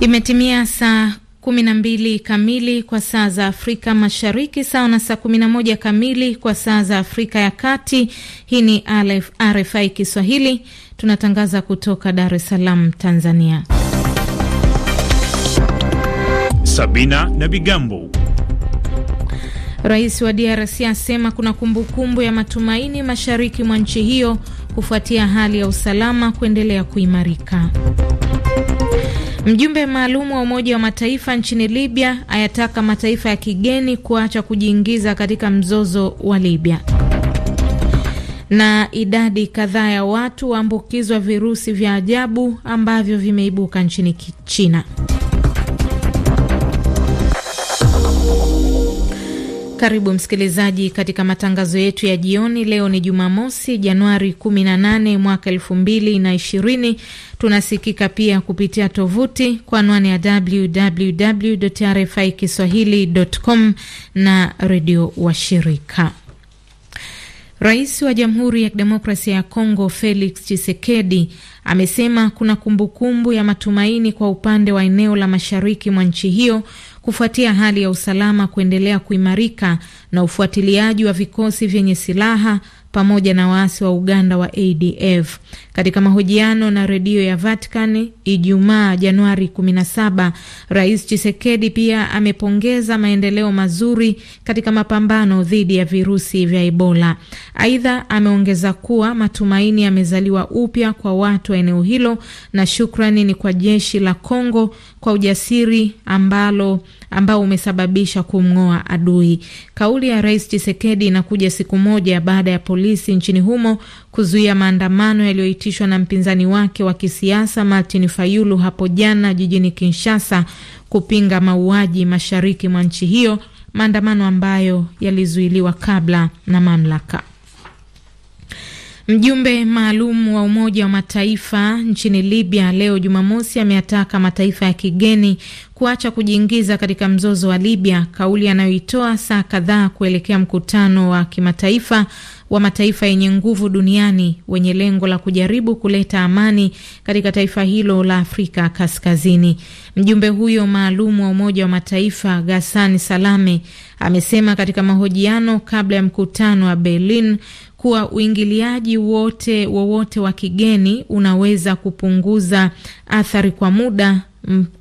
Imetimia saa 12 kamili kwa saa za Afrika Mashariki, sawa na saa 11 kamili kwa saa za Afrika ya Kati. Hii ni RFI Kiswahili, tunatangaza kutoka Dar es Salaam, Tanzania. Sabina na Bigambo. Rais wa DRC asema kuna kumbukumbu kumbu ya matumaini mashariki mwa nchi hiyo kufuatia hali ya usalama kuendelea kuimarika. Mjumbe maalum wa Umoja wa Mataifa nchini Libya ayataka mataifa ya kigeni kuacha kujiingiza katika mzozo wa Libya. Na idadi kadhaa ya watu waambukizwa virusi vya ajabu ambavyo vimeibuka nchini China. Karibu msikilizaji katika matangazo yetu ya jioni. Leo ni Jumamosi, Januari 18 mwaka 2020. Tunasikika pia kupitia tovuti kwa anwani ya www RFI kiswahilicom na redio washirika. Rais wa Jamhuri ya Kidemokrasia ya Kongo Felix Tshisekedi amesema kuna kumbukumbu ya matumaini kwa upande wa eneo la mashariki mwa nchi hiyo kufuatia hali ya usalama kuendelea kuimarika na ufuatiliaji wa vikosi vyenye silaha pamoja na waasi wa Uganda wa ADF. Katika mahojiano na redio ya Vatican Ijumaa Januari 17, Rais Chisekedi pia amepongeza maendeleo mazuri katika mapambano dhidi ya virusi vya Ebola. Aidha, ameongeza kuwa matumaini yamezaliwa upya kwa watu wa eneo hilo na shukrani ni kwa jeshi la congo kwa ujasiri ambalo ambao umesababisha kumng'oa adui. Kauli ya Rais Chisekedi inakuja siku moja baada ya polisi nchini humo kuzuia maandamano yaliyoitishwa na mpinzani wake wa kisiasa Martin Fayulu hapo jana jijini Kinshasa kupinga mauaji mashariki mwa nchi hiyo, maandamano ambayo yalizuiliwa kabla na mamlaka. Mjumbe maalum wa Umoja wa Mataifa nchini Libya leo Jumamosi ameyataka mataifa ya kigeni kuacha kujiingiza katika mzozo wa Libya, kauli anayoitoa saa kadhaa kuelekea mkutano wa kimataifa wa mataifa yenye nguvu duniani wenye lengo la kujaribu kuleta amani katika taifa hilo la Afrika Kaskazini. Mjumbe huyo maalum wa Umoja wa Mataifa Ghassan Salame amesema katika mahojiano kabla ya mkutano wa Berlin kuwa uingiliaji wote wowote wa kigeni unaweza kupunguza athari kwa muda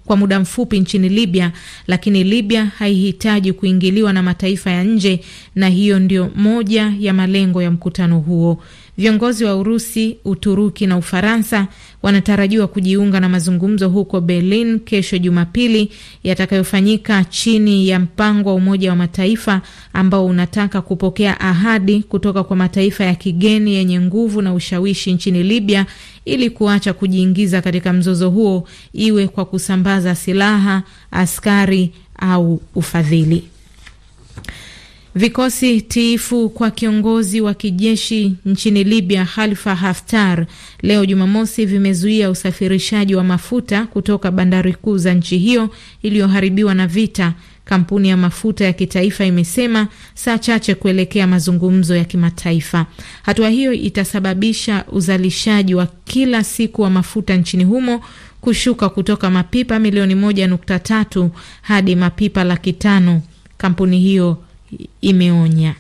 kwa muda mfupi nchini Libya, lakini Libya haihitaji kuingiliwa na mataifa ya nje, na hiyo ndio moja ya malengo ya mkutano huo. Viongozi wa Urusi, Uturuki na Ufaransa wanatarajiwa kujiunga na mazungumzo huko Berlin kesho Jumapili, yatakayofanyika chini ya mpango wa Umoja wa Mataifa ambao unataka kupokea ahadi kutoka kwa mataifa ya kigeni yenye nguvu na ushawishi nchini Libya ili kuacha kujiingiza katika mzozo huo, iwe kwa kusambaza silaha, askari au ufadhili. Vikosi tiifu kwa kiongozi wa kijeshi nchini Libya Khalifa Haftar leo Jumamosi vimezuia usafirishaji wa mafuta kutoka bandari kuu za nchi hiyo iliyoharibiwa na vita, kampuni ya mafuta ya kitaifa imesema saa chache kuelekea mazungumzo ya kimataifa. Hatua hiyo itasababisha uzalishaji wa kila siku wa mafuta nchini humo kushuka kutoka mapipa milioni moja nukta tatu hadi mapipa laki tano kampuni hiyo imeonya.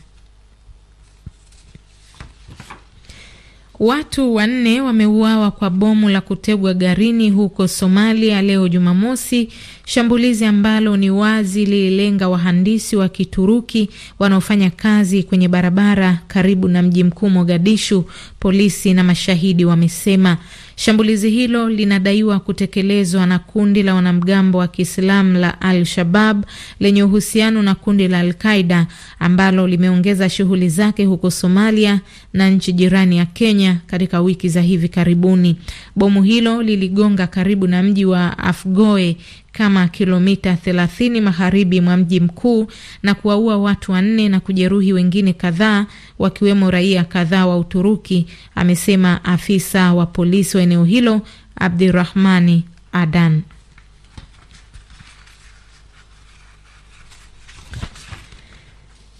Watu wanne wameuawa kwa bomu la kutegwa garini huko Somalia leo Jumamosi, shambulizi ambalo ni wazi lililenga wahandisi wa Kituruki wanaofanya kazi kwenye barabara karibu na mji mkuu Mogadishu, polisi na mashahidi wamesema. Shambulizi hilo linadaiwa kutekelezwa na kundi la wanamgambo wa Kiislamu la Al-Shabab lenye uhusiano na kundi la Al-Qaida ambalo limeongeza shughuli zake huko Somalia na nchi jirani ya Kenya katika wiki za hivi karibuni. Bomu hilo liligonga karibu na mji wa Afgoe kama kilomita 30 magharibi mwa mji mkuu na kuwaua watu wanne na kujeruhi wengine kadhaa wakiwemo raia kadhaa wa Uturuki, amesema afisa wa polisi wa eneo hilo abdurahmani Adan.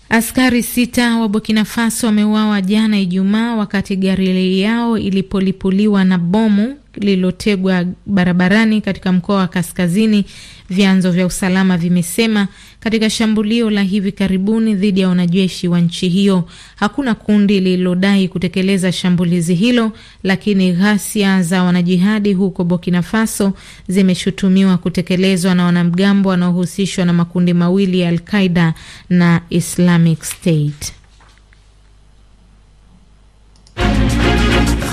Askari sita wa Burkina Faso wameuawa jana Ijumaa wakati gari yao ilipolipuliwa na bomu lililotegwa barabarani katika mkoa wa kaskazini, vyanzo vya usalama vimesema, katika shambulio la hivi karibuni dhidi ya wanajeshi wa nchi hiyo. Hakuna kundi lililodai kutekeleza shambulizi hilo, lakini ghasia za wanajihadi huko Burkina Faso zimeshutumiwa kutekelezwa na wanamgambo wanaohusishwa na makundi mawili ya Al-Qaida na Islamic State.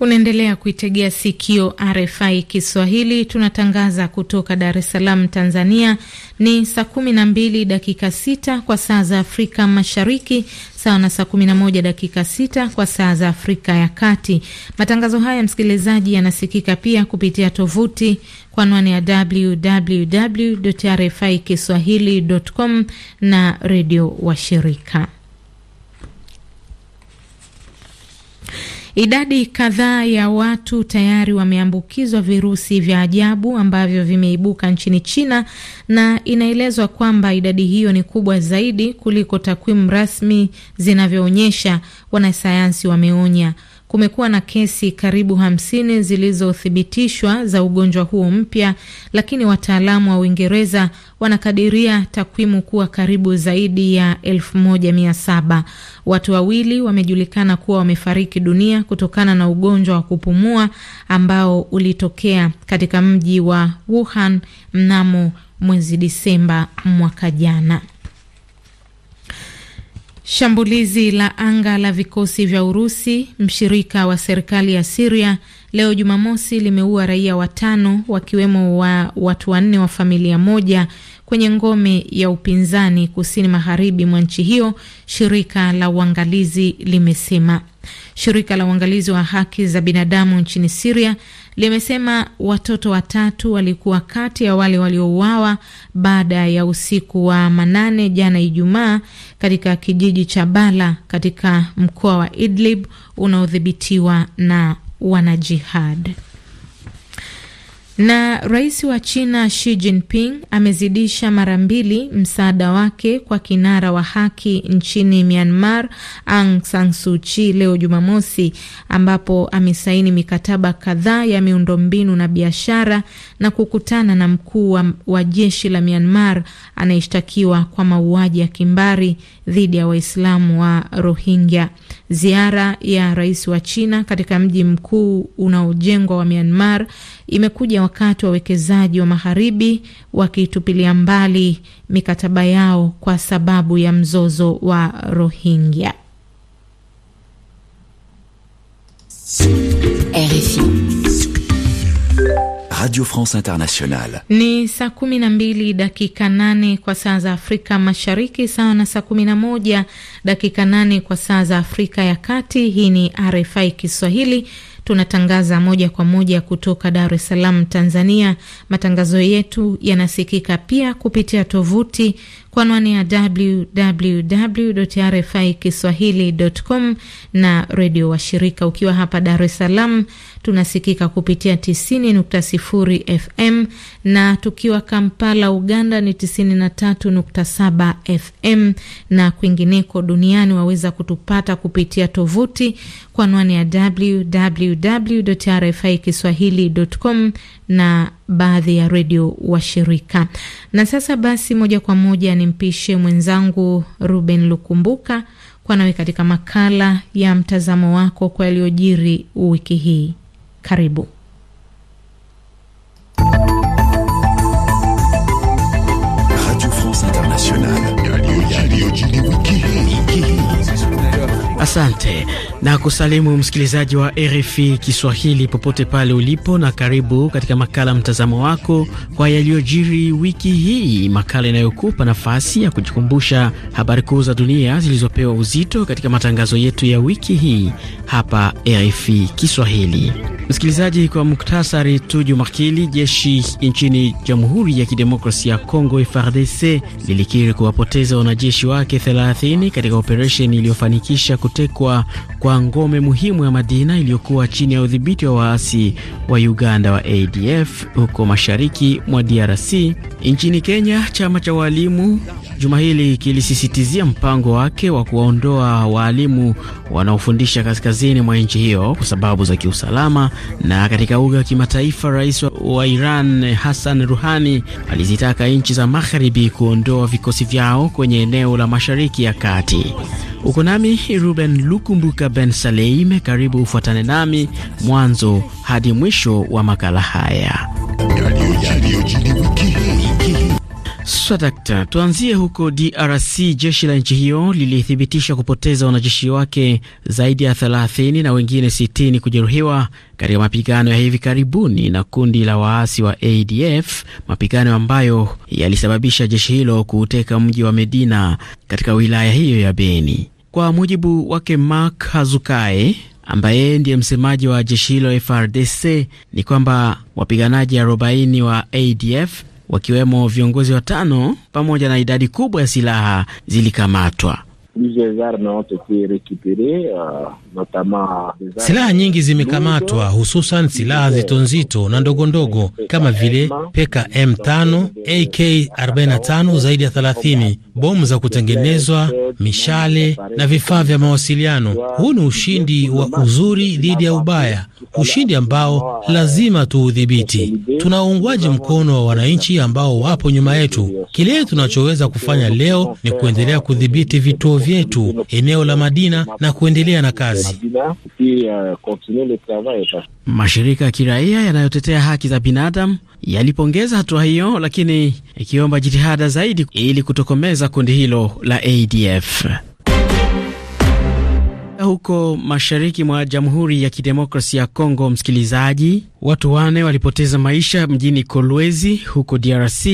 Unaendelea kuitegea sikio RFI Kiswahili, tunatangaza kutoka Dar es Salaam, Tanzania. Ni saa kumi na mbili dakika sita kwa saa za Afrika Mashariki, sawa na saa kumi na moja dakika sita kwa saa za Afrika ya Kati. Matangazo haya, msikilizaji, yanasikika pia kupitia tovuti kwa anwani ya www RFI kiswahili.com na redio washirika. Idadi kadhaa ya watu tayari wameambukizwa virusi vya ajabu ambavyo vimeibuka nchini China na inaelezwa kwamba idadi hiyo ni kubwa zaidi kuliko takwimu rasmi zinavyoonyesha, wanasayansi wameonya kumekuwa na kesi karibu hamsini zilizothibitishwa za ugonjwa huo mpya, lakini wataalamu wa Uingereza wanakadiria takwimu kuwa karibu zaidi ya elfu moja mia saba. Watu wawili wamejulikana kuwa wamefariki dunia kutokana na ugonjwa wa kupumua ambao ulitokea katika mji wa Wuhan mnamo mwezi Disemba mwaka jana. Shambulizi la anga la vikosi vya Urusi, mshirika wa serikali ya Siria, leo Jumamosi limeua raia watano wakiwemo wa watu wanne wa familia moja kwenye ngome ya upinzani kusini magharibi mwa nchi hiyo, shirika la uangalizi limesema. Shirika la uangalizi wa haki za binadamu nchini Siria limesema watoto watatu walikuwa kati ya wale waliouawa baada ya usiku wa manane jana Ijumaa katika kijiji cha Bala katika mkoa wa Idlib unaodhibitiwa na wanajihad. Na rais wa China Xi Jinping amezidisha mara mbili msaada wake kwa kinara wa haki nchini Myanmar Aung San Suu Kyi leo Jumamosi, ambapo amesaini mikataba kadhaa ya miundombinu na biashara na kukutana na mkuu wa, wa jeshi la Myanmar anayeshtakiwa kwa mauaji ya kimbari dhidi ya Waislamu wa Rohingya. Ziara ya rais wa China katika mji mkuu unaojengwa wa Myanmar imekuja wakati wawekezaji wa magharibi wakitupilia mbali mikataba yao kwa sababu ya mzozo wa Rohingya. RFI. Radio France Internationale. Ni saa kumi na mbili dakika nane kwa saa za Afrika Mashariki, sawa na saa kumi na moja dakika nane kwa saa za Afrika ya Kati. Hii ni RFI Kiswahili, tunatangaza moja kwa moja kutoka Dar es Salaam, Tanzania. Matangazo yetu yanasikika pia kupitia tovuti kwa anwani ya www RFI kiswahili.com na redio washirika. Ukiwa hapa Dar es Salaam tunasikika kupitia 90.0 FM na tukiwa Kampala, Uganda ni 93.7 FM na kwingineko duniani waweza kutupata kupitia tovuti kwa anwani ya www RFI kiswahili.com na baadhi ya redio shirika Na sasa basi, moja kwa moja nimpishe mwenzangu Ruben Lukumbuka kwa nawe katika makala ya mtazamo wako kwa yaliyojiri wiki hii. Karibu. Radio France Internationale. Asante na kusalimu msikilizaji wa RFI Kiswahili popote pale ulipo, na karibu katika makala mtazamo wako kwa yaliyojiri wiki hii, makala inayokupa nafasi ya kujikumbusha habari kuu za dunia zilizopewa uzito katika matangazo yetu ya wiki hii hapa RFI Kiswahili. Msikilizaji, kwa muktasari tu, Jumakili jeshi nchini Jamhuri ya Kidemokrasia ya Kongo FARDC lilikiri kuwapoteza wanajeshi wake 30 katika operesheni iliyofanikisha kutekwa kwa ngome muhimu ya Madina iliyokuwa chini ya udhibiti wa waasi wa Uganda wa ADF huko mashariki mwa DRC. Nchini Kenya, chama cha walimu juma hili kilisisitizia mpango wake wa kuwaondoa waalimu wanaofundisha kaskazini mwa nchi hiyo kwa sababu za kiusalama. Na katika uga wa kimataifa, rais wa Iran Hassan Rouhani alizitaka nchi za magharibi kuondoa vikosi vyao kwenye eneo la mashariki ya kati. Uko nami Ruben Lukumbuka Ben Saleim, karibu ufuatane nami mwanzo hadi mwisho wa makala haya. Swadakta, tuanzie huko DRC. Jeshi la nchi hiyo lilithibitisha kupoteza wanajeshi wake zaidi ya 30 na wengine 60 kujeruhiwa katika mapigano ya hivi karibuni na kundi la waasi wa ADF, mapigano ambayo yalisababisha jeshi hilo kuuteka mji wa Medina katika wilaya hiyo ya Beni. Kwa mujibu wake Mark Hazukae ambaye ndiye msemaji wa jeshi hilo FRDC ni kwamba wapiganaji 40 wa ADF wakiwemo viongozi watano pamoja na idadi kubwa ya silaha zilikamatwa plusieurs armes ont été récupérées, uh, notamment silaha nyingi zimekamatwa, hususan silaha nzito nzito na ndogo ndogo kama vile peka M5, AK45 zaidi ya 30, bomu za kutengenezwa, mishale na vifaa vya mawasiliano. Huu ni ushindi wa uzuri dhidi ya ubaya ushindi ambao lazima tuudhibiti. Tuna uungwaji mkono wa wananchi ambao wapo nyuma yetu. Kile tunachoweza kufanya leo ni kuendelea kudhibiti vituo vyetu eneo la Madina na kuendelea na kazi. Mashirika ya kiraia yanayotetea haki za binadamu yalipongeza hatua hiyo, lakini ikiomba jitihada zaidi ili kutokomeza kundi hilo la ADF. Huko mashariki mwa Jamhuri ya Kidemokrasia ya Kongo, msikilizaji, watu wane walipoteza maisha mjini Kolwezi huko DRC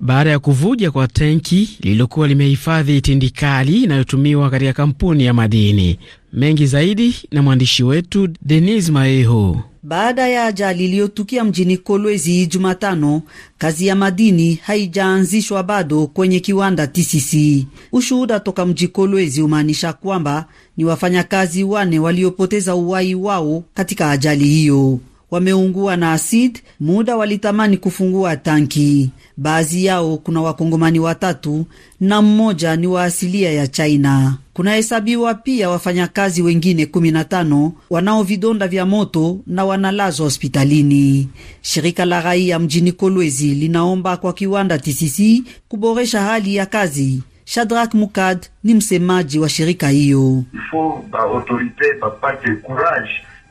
baada ya kuvuja kwa tenki lililokuwa limehifadhi tindikali inayotumiwa katika kampuni ya madini. Mengi zaidi na mwandishi wetu Denis Maeho. Baada ya ajali iliyotukia mjini Kolwezi Jumatano, kazi ya madini haijaanzishwa bado kwenye kiwanda TCC. Ushuhuda toka mji Kolwezi umaanisha kwamba ni wafanyakazi wane waliopoteza uwai wao katika ajali hiyo. Wameungua na asid muda walitamani kufungua tanki. Baadhi yao kuna wakongomani watatu na mmoja ni wa asilia ya China. Kunahesabiwa pia wafanyakazi wengine 15 wanao vidonda vya moto na wanalazwa hospitalini. Shirika la raia mjini Kolwezi linaomba kwa kiwanda TCC kuboresha hali ya kazi Shadrack Mukad ni msemaji wa shirika hiyo. Ifo ba autorite bapate courage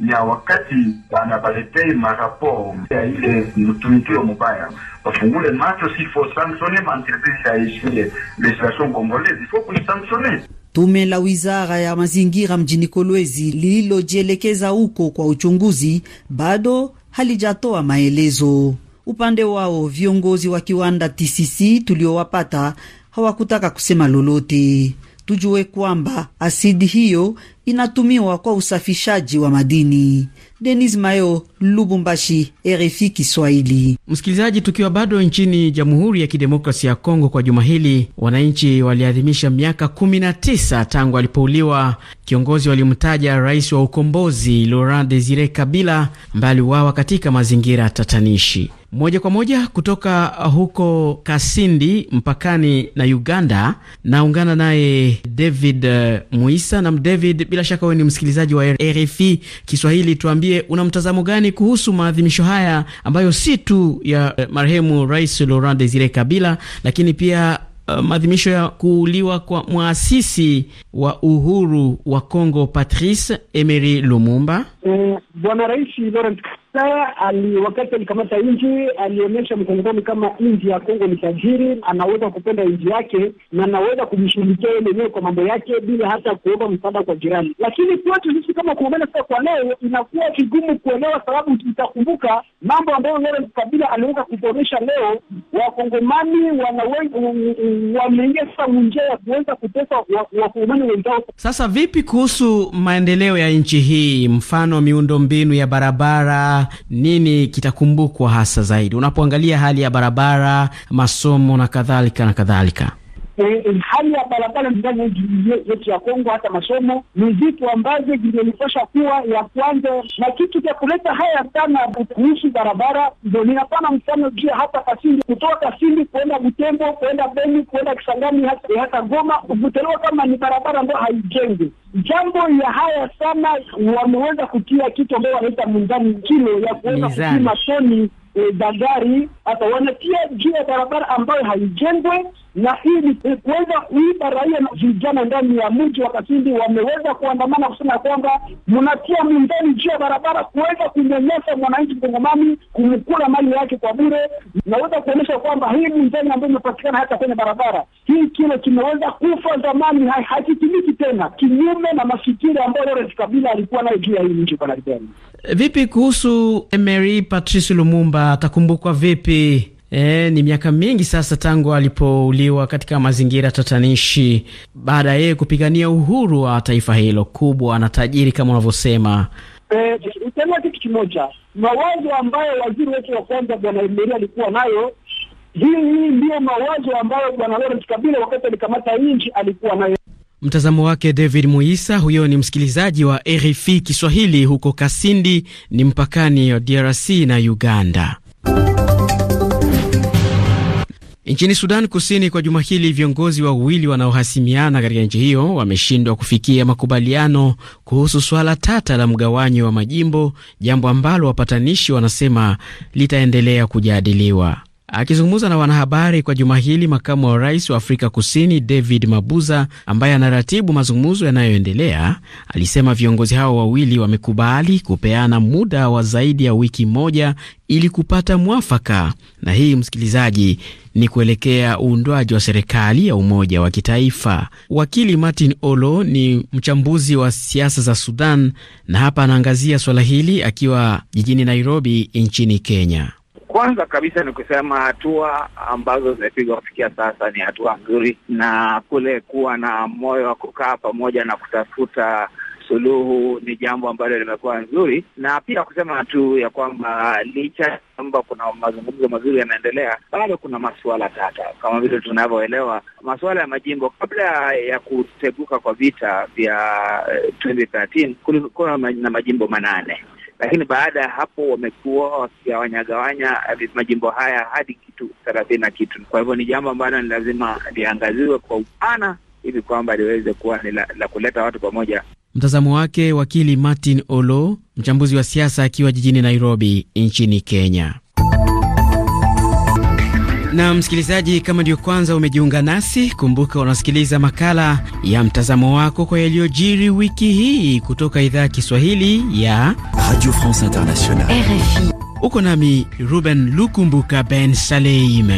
ya wakati bana baletei marapo ya ile mtumikio mubaya wafungule macho, sifo sanctionner maentreprise ya ishiye legislation congolaise ifo kuisanctionner. Tume la wizara ya mazingira mjini Kolwezi lililojielekeza huko kwa uchunguzi bado halijatoa maelezo. Upande wao viongozi wa kiwanda TCC tuliowapata hawakutaka kusema lolote. Tujue kwamba asidi hiyo inatumiwa kwa usafishaji wa madini. Denis Mayo, Lubumbashi, RFI Kiswahili. Msikilizaji, tukiwa bado nchini Jamhuri ya Kidemokrasia ya Kongo, kwa juma hili wananchi waliadhimisha miaka 19 tangu alipouliwa kiongozi walimtaja rais wa ukombozi Laurent Desire Kabila, ambaye aliuawa katika mazingira tatanishi. Moja kwa moja kutoka huko Kasindi mpakani na Uganda, naungana naye David eh, Muisa. Nam David, bila shaka wewe ni msikilizaji wa RFI Kiswahili, tuambie una mtazamo gani kuhusu maadhimisho haya ambayo si tu ya eh, marehemu Rais Laurent Desire Kabila, lakini pia Uh, maadhimisho ya kuuliwa kwa mwasisi wa uhuru wa Kongo Patrice Emery Lumumba Eh, Bwana Rais Laurent Kabila ali wakati alikamata nchi alionyesha mkongoni kama nchi ya Kongo ni tajiri, anaweza kupenda nchi yake na anaweza kujishughulikia yeye mwenyewe kwa mambo yake bila hata kuomba msaada kwa jirani. Lakini kwetu sisi kama kuongana sasa kwa leo inakuwa vigumu kuelewa, sababu itakumbuka mambo ambayo Laurent Kabila aliweza kuboresha. Leo wakongomani wameingia sasa njia ya kuweza kutesa wakongomani wenzao. Sasa vipi kuhusu maendeleo ya nchi hii, mfano miundo mbinu ya barabara, nini kitakumbukwa hasa zaidi unapoangalia hali ya barabara, masomo na kadhalika na kadhalika? e, hali ya barabara ndani yetu ya Kongo, hata masomo ni vitu ambavyo vingelipasha kuwa ya kwanza, na kitu cha kuleta haya sana kuhusu barabara ndio ninapana mfano juu hata Kasindi, kutoka Kasindi kuenda Butembo, kuenda Beni, kuenda Kisangani, hata eh, hata Goma ukutelewa kama ni barabara ambayo haijengwi jambo ya haya sana, wameweza kutia kitu ambayo wanaita mundani kilo ya kuweza kupima toni e, za gari wanatia juu ya barabara ambayo haijengwe, na ili e, kuweza kuiba raia na vijana ndani ya mji wa Kasindi. Wameweza kuandamana kusema kwamba mnatia mundani juu ya barabara kuweza kunyanyasa mwananchi mkongomani, kumkula mali yake kwa bure. Naweza kuonyesha kwamba hii mindani ambayo imepatikana hata kwenye barabara hii, kile kimeweza kufa zamani, hakitimiki tena, kinyume na mafikiri ambayo Laurent Kabila alikuwa nayo juu ya hii mji. Vipi kuhusu Emery Patrice Lumumba atakumbukwa vipi? E, ni miaka mingi sasa tangu alipouliwa katika mazingira tatanishi baada ya yeye kupigania uhuru wa taifa hilo kubwa na tajiri kama unavyosema. Eh, Nitasema kitu kimoja, mawazo ambayo waziri wetu wa kwanza Bwana Lemeria alikuwa nayo hii hii, ndiyo mawazo ambayo Bwana Laurent Kabila wakati alikamata nchi alikuwa nayo. Mtazamo wake David Muisa. Huyo ni msikilizaji wa RFI Kiswahili huko Kasindi, ni mpakani wa DRC na Uganda. Nchini Sudan Kusini, kwa juma hili viongozi wawili wanaohasimiana katika nchi hiyo wameshindwa kufikia makubaliano kuhusu swala tata la mgawanyo wa majimbo, jambo ambalo wapatanishi wanasema litaendelea kujadiliwa. Akizungumza na wanahabari kwa juma hili, makamu wa rais wa Afrika Kusini David Mabuza, ambaye anaratibu mazungumzo yanayoendelea, alisema viongozi hao wawili wamekubali kupeana muda wa zaidi ya wiki moja ili kupata mwafaka. Na hii, msikilizaji, ni kuelekea uundwaji wa serikali ya umoja wa kitaifa. Wakili Martin Olo ni mchambuzi wa siasa za Sudan na hapa anaangazia suala hili akiwa jijini Nairobi nchini Kenya. Kwanza kabisa ni kusema hatua ambazo zimepigwa kufikia sasa ni hatua nzuri, na kule kuwa na moyo wa kukaa pamoja na kutafuta suluhu ni jambo ambalo limekuwa nzuri, na pia kusema tu ya kwamba licha kwamba kuna mazungumzo mazuri yanaendelea, bado kuna masuala tata, kama vile tunavyoelewa masuala ya majimbo. Kabla ya kuteguka kwa vita vya 2013 eh, kulikuwa na majimbo manane lakini baada ya hapo wamekuwa wakigawanyagawanya eh, majimbo haya hadi kitu thelathini na kitu. Kwa hivyo ni jambo ambalo ni lazima liangaziwe kwa upana hivi kwamba liweze kuwa ni la, la kuleta watu pamoja. Mtazamo wake wakili Martin Olo, mchambuzi wa siasa akiwa jijini Nairobi nchini Kenya. Na msikilizaji, kama ndio kwanza umejiunga nasi, kumbuka unasikiliza makala ya mtazamo wako kwa yaliyojiri wiki hii kutoka idhaa ya Kiswahili ya Radio France Internationale, RFI. Uko nami Ruben Lukumbuka Ben Saleim.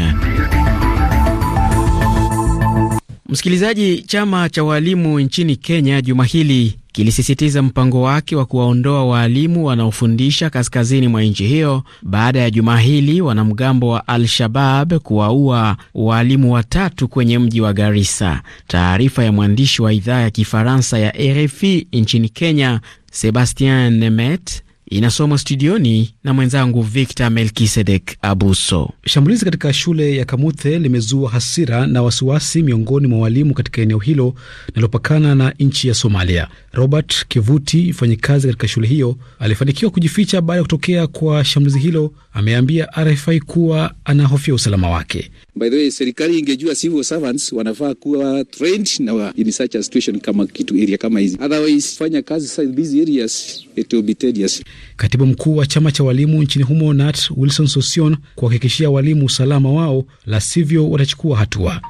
Msikilizaji, chama cha waalimu nchini Kenya juma hili kilisisitiza mpango wake wa kuwaondoa waalimu wanaofundisha kaskazini mwa nchi hiyo baada ya juma hili wanamgambo wa Al-Shabab kuwaua waalimu watatu kwenye mji wa Garissa. Taarifa ya mwandishi wa idhaa ya Kifaransa ya RFI nchini Kenya, Sebastien Nemet inasomwa studioni na mwenzangu Victor Melkisedek Abuso. Shambulizi katika shule ya Kamuthe limezua hasira na wasiwasi miongoni mwa walimu katika eneo hilo linalopakana na nchi ya Somalia. Robert Kivuti, mfanyikazi katika shule hiyo, alifanikiwa kujificha baada ya kutokea kwa shambulizi hilo. Ameambia RFI kuwa anahofia usalama wake. By the way, serikali ingejua civil servants wanafaa kuwa trained na in such a situation kama kitu area kama hizi. Otherwise, fanya kazi sa these areas it will be tedious. Katibu mkuu wa chama cha walimu nchini humo Nat Wilson Sosion kuhakikishia walimu usalama wao, la sivyo watachukua hatua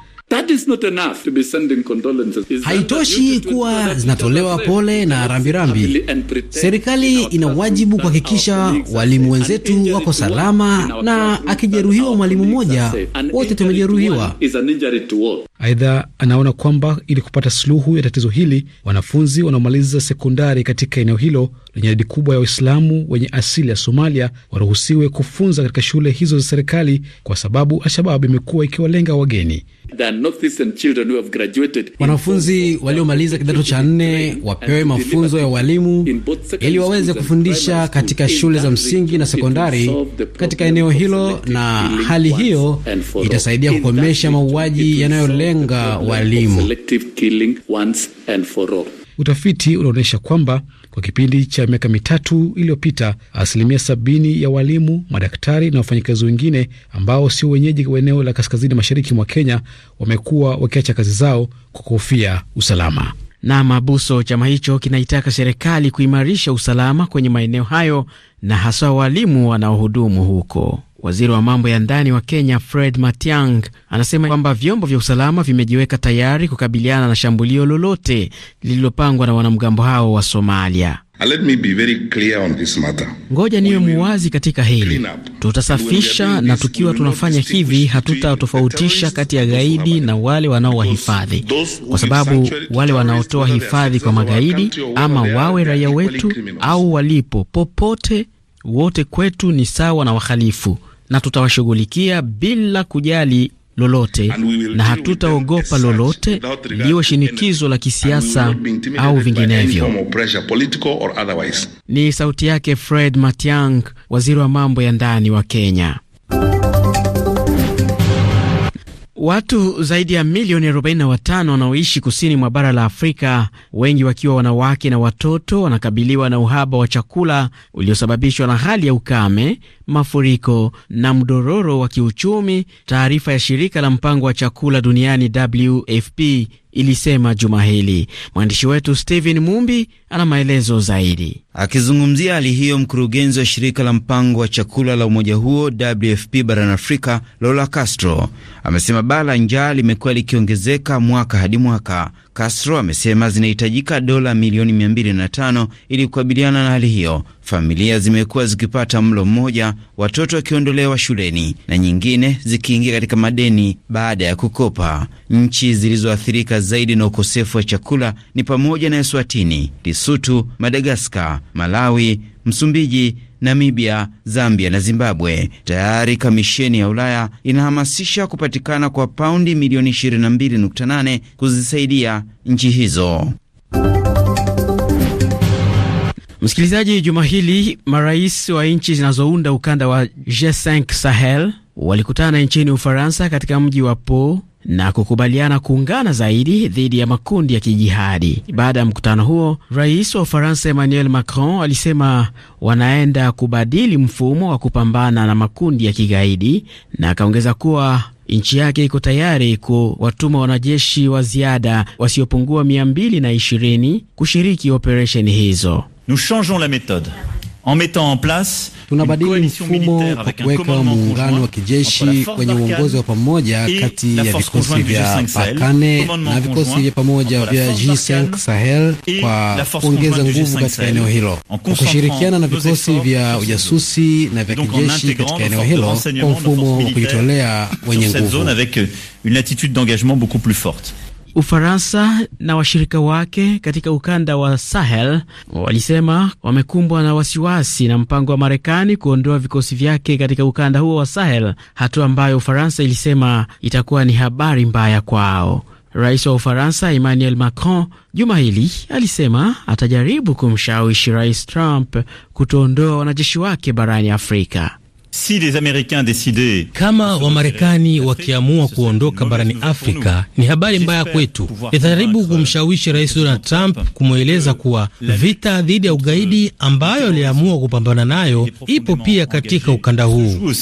haitoshi kuwa zinatolewa pole na rambirambi. Serikali ina wajibu kuhakikisha walimu wenzetu wako salama, na akijeruhiwa mwalimu mmoja, wote tumejeruhiwa. Aidha, anaona kwamba ili kupata suluhu ya tatizo hili, wanafunzi wanaomaliza sekondari katika eneo hilo lenye idadi kubwa ya Waislamu wenye asili ya Somalia waruhusiwe kufunza katika shule hizo za serikali, kwa sababu Alshababu imekuwa ikiwalenga wageni. Wanafunzi waliomaliza kidato cha nne wapewe mafunzo ya walimu ili waweze kufundisha katika shule za msingi na sekondari katika eneo hilo, na hali hiyo itasaidia kukomesha mauaji yanayolenga walimu. Utafiti unaonyesha kwamba kwa kipindi cha miaka mitatu iliyopita, asilimia sabini ya walimu, madaktari na wafanyakazi wengine ambao sio wenyeji wa eneo la kaskazini mashariki mwa Kenya wamekuwa wakiacha kazi zao kwa kuhofia usalama na mabuso. Chama hicho kinaitaka serikali kuimarisha usalama kwenye maeneo hayo na haswa walimu wanaohudumu huko. Waziri wa mambo ya ndani wa Kenya Fred Matiang anasema kwamba vyombo vya usalama vimejiweka tayari kukabiliana na shambulio lolote lililopangwa na wanamgambo hao wa Somalia. Uh, let me be very clear on this matter. Ngoja niwe muwazi katika hili, tutasafisha na tukiwa tunafanya hivi, hatutatofautisha kati ya gaidi na wale wanaowahifadhi, kwa sababu wale wanaotoa hifadhi kwa magaidi, ama wawe raia wetu au walipo popote, wote kwetu ni sawa na wahalifu na tutawashughulikia bila kujali lolote na hatutaogopa lolote, liwe shinikizo la kisiasa au vinginevyo. Ni sauti yake Fred Matiang, waziri wa mambo ya ndani wa Kenya. Watu zaidi ya milioni 45 wanaoishi kusini mwa bara la Afrika, wengi wakiwa wanawake na watoto, wanakabiliwa na uhaba wa chakula uliosababishwa na hali ya ukame, mafuriko na mdororo wa kiuchumi, taarifa ya shirika la mpango wa chakula duniani WFP ilisema juma hili. Mwandishi wetu Steven Mumbi ana maelezo zaidi. Akizungumzia hali hiyo, mkurugenzi wa shirika la mpango wa chakula la umoja huo WFP barani Afrika, Lola Castro amesema baa la njaa limekuwa likiongezeka mwaka hadi mwaka. Castro amesema zinahitajika dola milioni 205 ili kukabiliana na hali hiyo familia zimekuwa zikipata mlo mmoja, watoto wakiondolewa shuleni na nyingine zikiingia katika madeni baada ya kukopa. Nchi zilizoathirika zaidi na ukosefu wa chakula ni pamoja na Eswatini, Lesotho, Madagaskar, Malawi, Msumbiji, Namibia, Zambia na Zimbabwe. Tayari kamisheni ya Ulaya inahamasisha kupatikana kwa paundi milioni 22.8 kuzisaidia nchi hizo. Msikilizaji, juma hili marais wa nchi zinazounda ukanda wa G5 Sahel walikutana nchini Ufaransa katika mji wa Po na kukubaliana kuungana zaidi dhidi ya makundi ya kijihadi. Baada ya mkutano huo, rais wa Ufaransa Emmanuel Macron alisema wanaenda kubadili mfumo wa kupambana na makundi ya kigaidi na akaongeza kuwa nchi yake iko tayari kuwatuma wanajeshi wa ziada wasiopungua 220 kushiriki operesheni hizo. Nous changeons la méthode en mettant en place une coalition militaire avec un commandement conjoint entre la force d'Arkane et la force conjointe du G5 Sahel, un commandement conjoint entre la force d'Arkane et la force conjointe du G5 Sahel, en concentrant nos efforts sur ce zone. Donc en intégrant une sorte de renseignement de force militaire sur cette zone avec une attitude d'engagement beaucoup plus forte. Ufaransa na washirika wake katika ukanda wa Sahel walisema wamekumbwa na wasiwasi na mpango wa Marekani kuondoa vikosi vyake katika ukanda huo wa Sahel, hatua ambayo Ufaransa ilisema itakuwa ni habari mbaya kwao. Rais wa Ufaransa Emmanuel Macron juma hili alisema atajaribu kumshawishi Rais Trump kutoondoa wanajeshi wake barani Afrika. Kama Wamarekani wakiamua kuondoka barani Afrika ni habari mbaya kwetu. Nitajaribu kumshawishi Rais Donald Trump kumweleza kuwa vita dhidi ya ugaidi ambayo aliamua kupambana nayo ipo pia katika ukanda huu.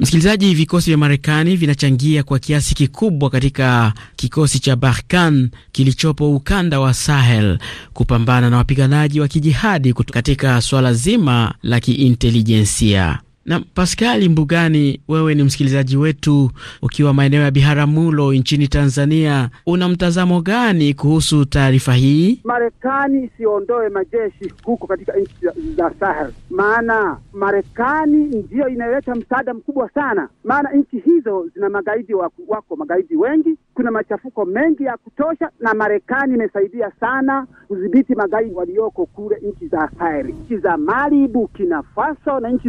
Msikilizaji, vikosi vya Marekani vinachangia kwa kiasi kikubwa katika kikosi cha Barkan kilichopo ukanda wa Sahel kupambana na wapiganaji wa kijihadi katika swala zima la kiintelijensia. Na Paskali Mbugani, wewe ni msikilizaji wetu ukiwa maeneo ya Biharamulo nchini Tanzania, una mtazamo gani kuhusu taarifa hii? Marekani isiondoe majeshi huko katika nchi za Sahel, maana Marekani ndiyo inayoleta msaada mkubwa sana, maana nchi hizo zina magaidi wako, wako magaidi wengi, kuna machafuko mengi ya kutosha, na Marekani imesaidia sana kudhibiti magaidi walioko kule nchi za Sahel, nchi za Mali, Bukina Faso na nchi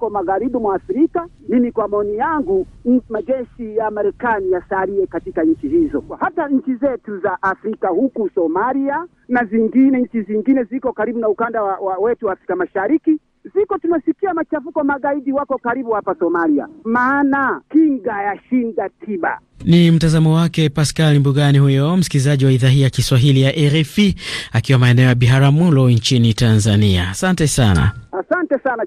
huko magharibi mwa Afrika. Mimi kwa maoni yangu, majeshi ya Marekani yasalie katika nchi hizo, hata nchi zetu za Afrika huku Somalia na zingine nchi zingine ziko karibu na ukanda wa, wa wetu wa Afrika Mashariki ziko tunasikia machafuko, magaidi wako karibu hapa Somalia, maana kinga ya shinda tiba. Ni mtazamo wake Pascal Mbugani, huyo msikilizaji wa idhaa hii ya Kiswahili ya RFI akiwa maeneo ya Biharamulo nchini Tanzania. Asante sana, asante sana.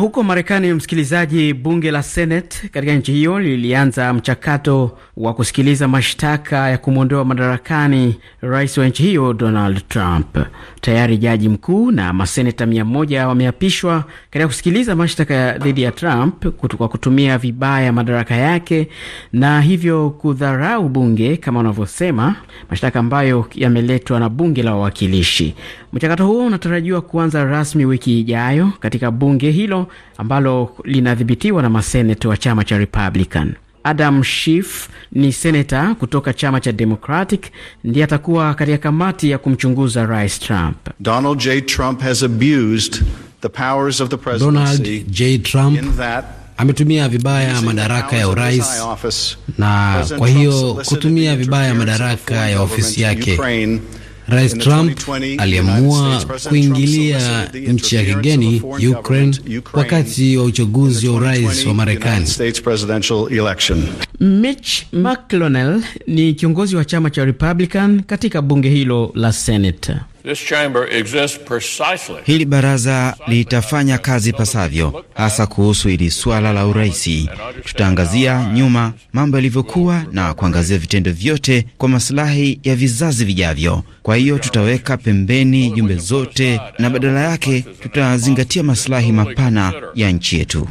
Huko Marekani, msikilizaji, bunge la Senate katika nchi hiyo lilianza mchakato wa kusikiliza mashtaka ya kumwondoa madarakani rais wa nchi hiyo Donald Trump. Tayari jaji mkuu na maseneta mia moja wameapishwa katika kusikiliza mashtaka dhidi ya Trump kwa kutumia vibaya madaraka yake na hivyo kudharau bunge kama wanavyosema, mashtaka ambayo yameletwa na bunge la wawakilishi. Mchakato huo unatarajiwa kuanza rasmi wiki ijayo katika bunge hilo ambalo linadhibitiwa na maseneto wa chama cha Republican. Adam Schiff ni seneta kutoka chama cha Democratic, ndiye atakuwa katika kamati ya kumchunguza Rais Trump. Donald J. Trump has abused the powers of the presidency ametumia vibaya madaraka ya urais na kwa hiyo kutumia vibaya madaraka ya ofisi yake Ukraine. Rais Trump aliamua kuingilia nchi ya kigeni Ukraine wakati wa uchaguzi wa urais wa Marekani. Mitch McConnell ni kiongozi wa chama cha Republican katika bunge hilo la Senate. Hili baraza litafanya kazi pasavyo, hasa kuhusu hili swala la uraisi. Tutaangazia nyuma mambo yalivyokuwa na kuangazia vitendo vyote kwa masilahi ya vizazi vijavyo. Kwa hiyo tutaweka pembeni jumbe zote na badala yake tutazingatia masilahi mapana ya nchi yetu.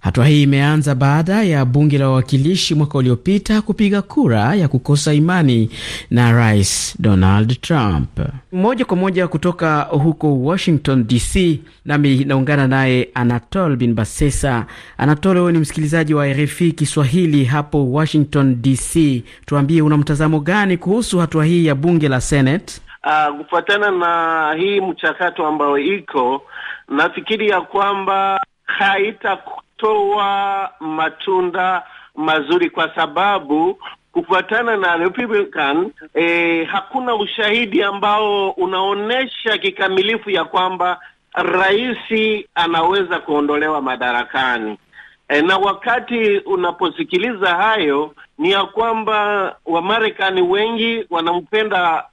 Hatua hii imeanza baada ya bunge la wawakilishi mwaka uliopita kupiga kura ya kukosa imani na rais Donald Trump. Moja kwa moja kutoka huko Washington DC, nami naungana naye Anatol Bin Basesa. Anatol, huyo ni msikilizaji wa RFI Kiswahili hapo Washington DC, tuambie una mtazamo gani kuhusu hatua hii ya bunge la Senate? Uh, kufuatana na hii mchakato ambayo iko, nafikiri ya kwamba haita kutoa matunda mazuri kwa sababu kufuatana na Republican e, hakuna ushahidi ambao unaonyesha kikamilifu ya kwamba rais anaweza kuondolewa madarakani. E, na wakati unaposikiliza hayo ni ya kwamba Wamarekani wengi wanampenda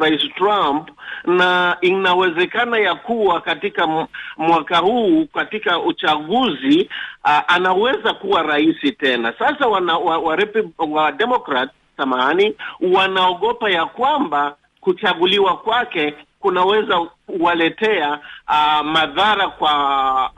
Rais Trump na inawezekana ya kuwa katika mwaka huu katika uchaguzi uh, anaweza kuwa rais tena. Sasa wana, wa, wa, wa Democrat samahani, wanaogopa ya kwamba kuchaguliwa kwake kunaweza waletea uh, ah, madhara kwa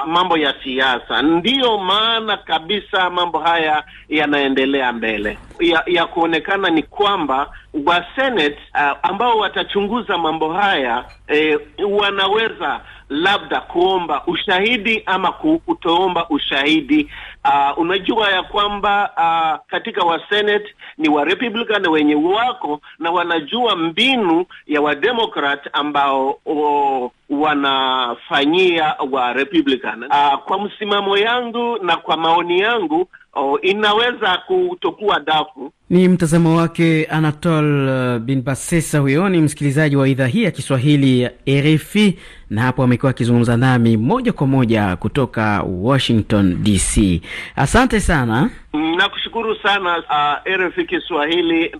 mambo ya siasa. Ndiyo maana kabisa mambo haya yanaendelea mbele ya, ya kuonekana ni kwamba wa Senate uh, ambao watachunguza mambo haya eh, wanaweza labda kuomba ushahidi ama kutoomba ushahidi. Uh, unajua ya kwamba uh, katika wa Senate ni wa Republican wenye wako na wanajua mbinu ya wa Democrat ambao o, uh, wanafanyia wa Republican. Uh, kwa msimamo yangu na kwa maoni yangu oh, inaweza kutokuwa dafu. Ni mtazamo wake Anatol uh, Bin Basesa. Huyo ni msikilizaji wa idhaa hii ya Kiswahili ya RFI, na hapo amekuwa akizungumza nami moja kwa moja kutoka Washington DC. Asante sana, nakushukuru sana uh, RFI Kiswahili.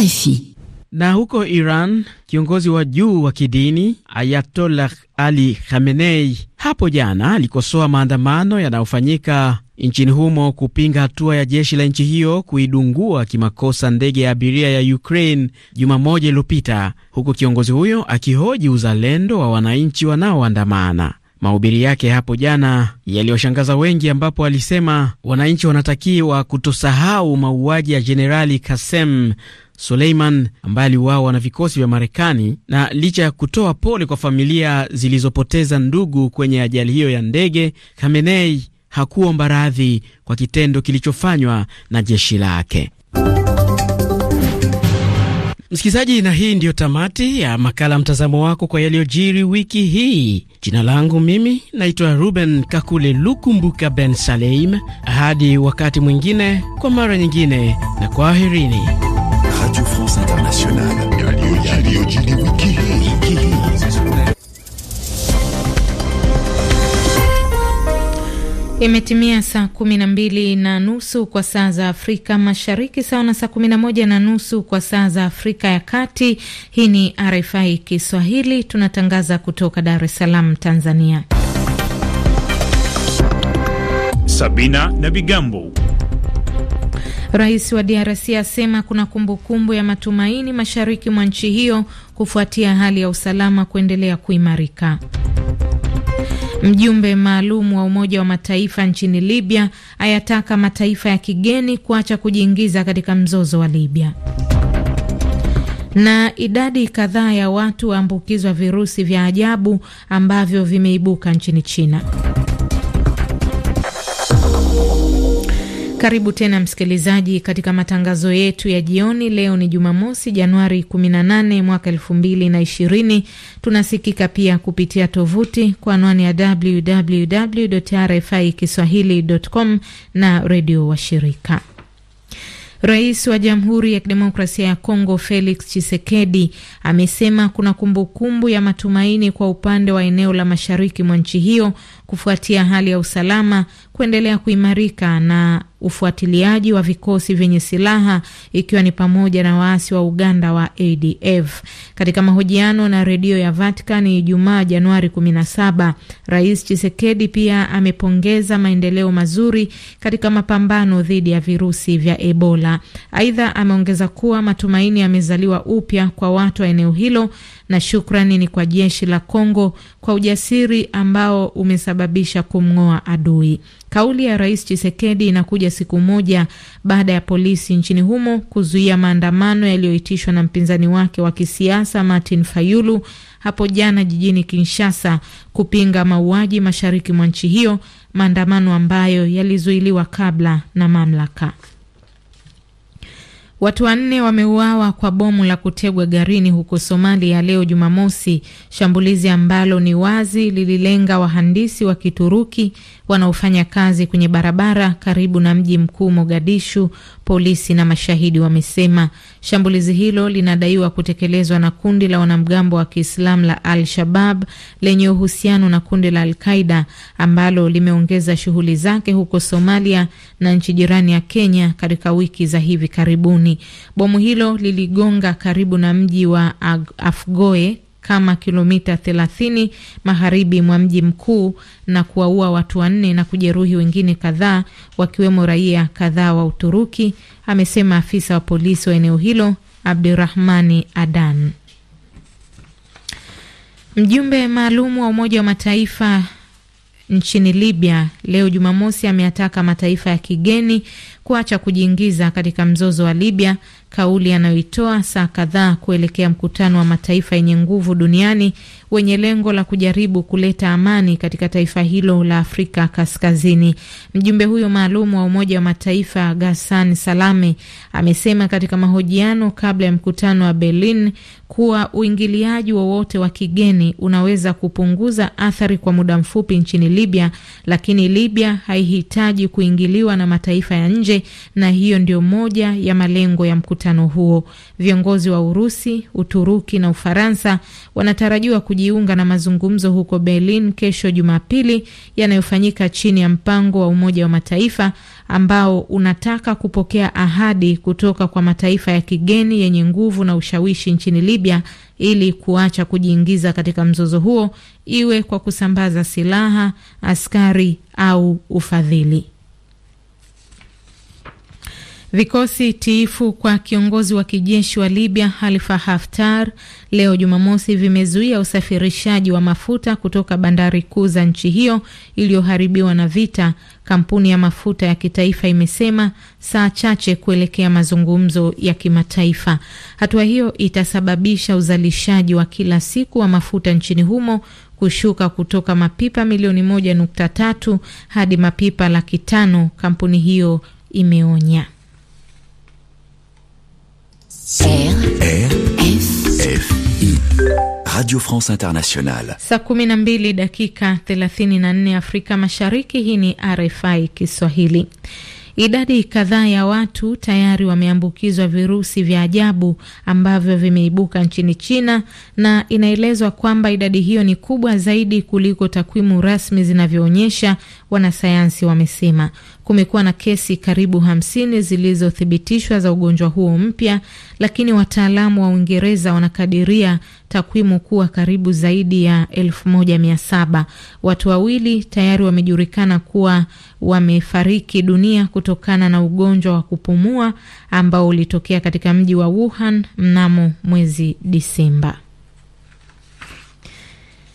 RFI na huko Iran, kiongozi wa juu wa kidini Ayatollah Ali Khamenei hapo jana alikosoa maandamano yanayofanyika nchini humo kupinga hatua ya jeshi la nchi hiyo kuidungua kimakosa ndege ya abiria ya Ukraine juma moja iliyopita, huku kiongozi huyo akihoji uzalendo wa wananchi wanaoandamana. Mahubiri yake hapo jana yaliyoshangaza wengi, ambapo alisema wananchi wanatakiwa kutosahau mauaji ya Jenerali Kasem Suleiman ambaye aliuawa na vikosi vya Marekani, na licha ya kutoa pole kwa familia zilizopoteza ndugu kwenye ajali hiyo ya ndege, Khamenei hakuomba radhi kwa kitendo kilichofanywa na jeshi lake. Msikilizaji, na hii ndiyo tamati ya makala mtazamo wako kwa yaliyojiri wiki hii. Jina langu mimi naitwa Ruben Kakule Lukumbuka Ben Saleim. Hadi wakati mwingine, kwa mara nyingine, na kwaherini. Radio France Internationale. Imetimia saa kumi na mbili na nusu kwa saa za Afrika Mashariki, sawa na saa kumi na moja na nusu kwa saa za Afrika ya Kati. Hii ni RFI Kiswahili, tunatangaza kutoka Dar es Salaam, Tanzania. Sabina na Bigambo. Rais wa DRC asema kuna kumbukumbu kumbu ya matumaini mashariki mwa nchi hiyo kufuatia hali ya usalama kuendelea kuimarika. Mjumbe maalum wa Umoja wa Mataifa nchini Libya ayataka mataifa ya kigeni kuacha kujiingiza katika mzozo wa Libya. Na idadi kadhaa ya watu waambukizwa virusi vya ajabu ambavyo vimeibuka nchini China. Karibu tena msikilizaji, katika matangazo yetu ya jioni. Leo ni Jumamosi, Januari 18 mwaka 2020. Tunasikika pia kupitia tovuti kwa anwani ya www RFI kiswahili.com na redio wa shirika Rais wa Jamhuri ya Kidemokrasia ya Kongo Felix Tshisekedi amesema kuna kumbukumbu kumbu ya matumaini kwa upande wa eneo la mashariki mwa nchi hiyo kufuatia hali ya usalama kuendelea kuimarika na ufuatiliaji wa vikosi vyenye silaha ikiwa ni pamoja na waasi wa Uganda wa ADF. Katika mahojiano na redio ya Vatican Ijumaa Januari 17, Rais Chisekedi pia amepongeza maendeleo mazuri katika mapambano dhidi ya virusi vya Ebola. Aidha, ameongeza kuwa matumaini yamezaliwa upya kwa watu wa eneo hilo na shukrani ni kwa jeshi la congo kwa ujasiri ambao umesababisha kumng'oa adui. Kauli ya Rais Chisekedi inakuja siku moja baada ya polisi nchini humo kuzuia maandamano yaliyoitishwa na mpinzani wake wa kisiasa Martin Fayulu hapo jana jijini Kinshasa kupinga mauaji mashariki mwa nchi hiyo, maandamano ambayo yalizuiliwa kabla na mamlaka. Watu wanne wameuawa kwa bomu la kutegwa garini huko Somalia leo Jumamosi, shambulizi ambalo ni wazi lililenga wahandisi wa Kituruki wanaofanya kazi kwenye barabara karibu na mji mkuu Mogadishu, Polisi na mashahidi wamesema shambulizi hilo linadaiwa kutekelezwa na kundi la wanamgambo wa Kiislamu la Al-Shabab lenye uhusiano na kundi la Al-Qaida ambalo limeongeza shughuli zake huko Somalia na nchi jirani ya Kenya katika wiki za hivi karibuni. Bomu hilo liligonga karibu na mji wa Afgoe kama kilomita 30 magharibi mwa mji mkuu na kuwaua watu wanne na kujeruhi wengine kadhaa wakiwemo raia kadhaa wa Uturuki, amesema afisa wa polisi wa eneo hilo Abdurahmani Adan. Mjumbe maalum wa Umoja wa Mataifa nchini Libya leo Jumamosi ameataka mataifa ya kigeni kuacha kujiingiza katika mzozo wa Libya kauli anayoitoa saa kadhaa kuelekea mkutano wa mataifa yenye nguvu duniani wenye lengo la kujaribu kuleta amani katika taifa hilo la Afrika Kaskazini. Mjumbe huyo maalum wa Umoja wa Mataifa Gasan Salame amesema katika mahojiano kabla ya mkutano wa Berlin kuwa uingiliaji wowote wa, wa kigeni unaweza kupunguza athari kwa muda mfupi nchini Libya, lakini Libya haihitaji kuingiliwa na mataifa ya nje, na hiyo ndio moja ya malengo ya mkutano mkutano huo. Viongozi wa Urusi, Uturuki na Ufaransa wanatarajiwa kujiunga na mazungumzo huko Berlin kesho Jumapili, yanayofanyika chini ya mpango wa Umoja wa Mataifa ambao unataka kupokea ahadi kutoka kwa mataifa ya kigeni yenye nguvu na ushawishi nchini Libya ili kuacha kujiingiza katika mzozo huo, iwe kwa kusambaza silaha, askari au ufadhili. Vikosi tiifu kwa kiongozi wa kijeshi wa Libya Halifa Haftar leo Jumamosi vimezuia usafirishaji wa mafuta kutoka bandari kuu za nchi hiyo iliyoharibiwa na vita, kampuni ya mafuta ya kitaifa imesema, saa chache kuelekea mazungumzo ya kimataifa. Hatua hiyo itasababisha uzalishaji wa kila siku wa mafuta nchini humo kushuka kutoka mapipa milioni moja nukta tatu hadi mapipa laki tano, kampuni hiyo imeonya. I Radio France Internationale. Saa 12 dakika 34 Afrika Mashariki. Hii ni RFI Kiswahili. Idadi kadhaa ya watu tayari wameambukizwa virusi vya ajabu ambavyo vimeibuka nchini China na inaelezwa kwamba idadi hiyo ni kubwa zaidi kuliko takwimu rasmi zinavyoonyesha, wanasayansi wamesema. Kumekuwa na kesi karibu hamsini zilizothibitishwa za ugonjwa huo mpya, lakini wataalamu wa Uingereza wanakadiria takwimu kuwa karibu zaidi ya elfu moja mia saba. Watu wawili tayari wamejulikana kuwa wamefariki dunia kutokana na ugonjwa wa kupumua ambao ulitokea katika mji wa Wuhan mnamo mwezi Disemba.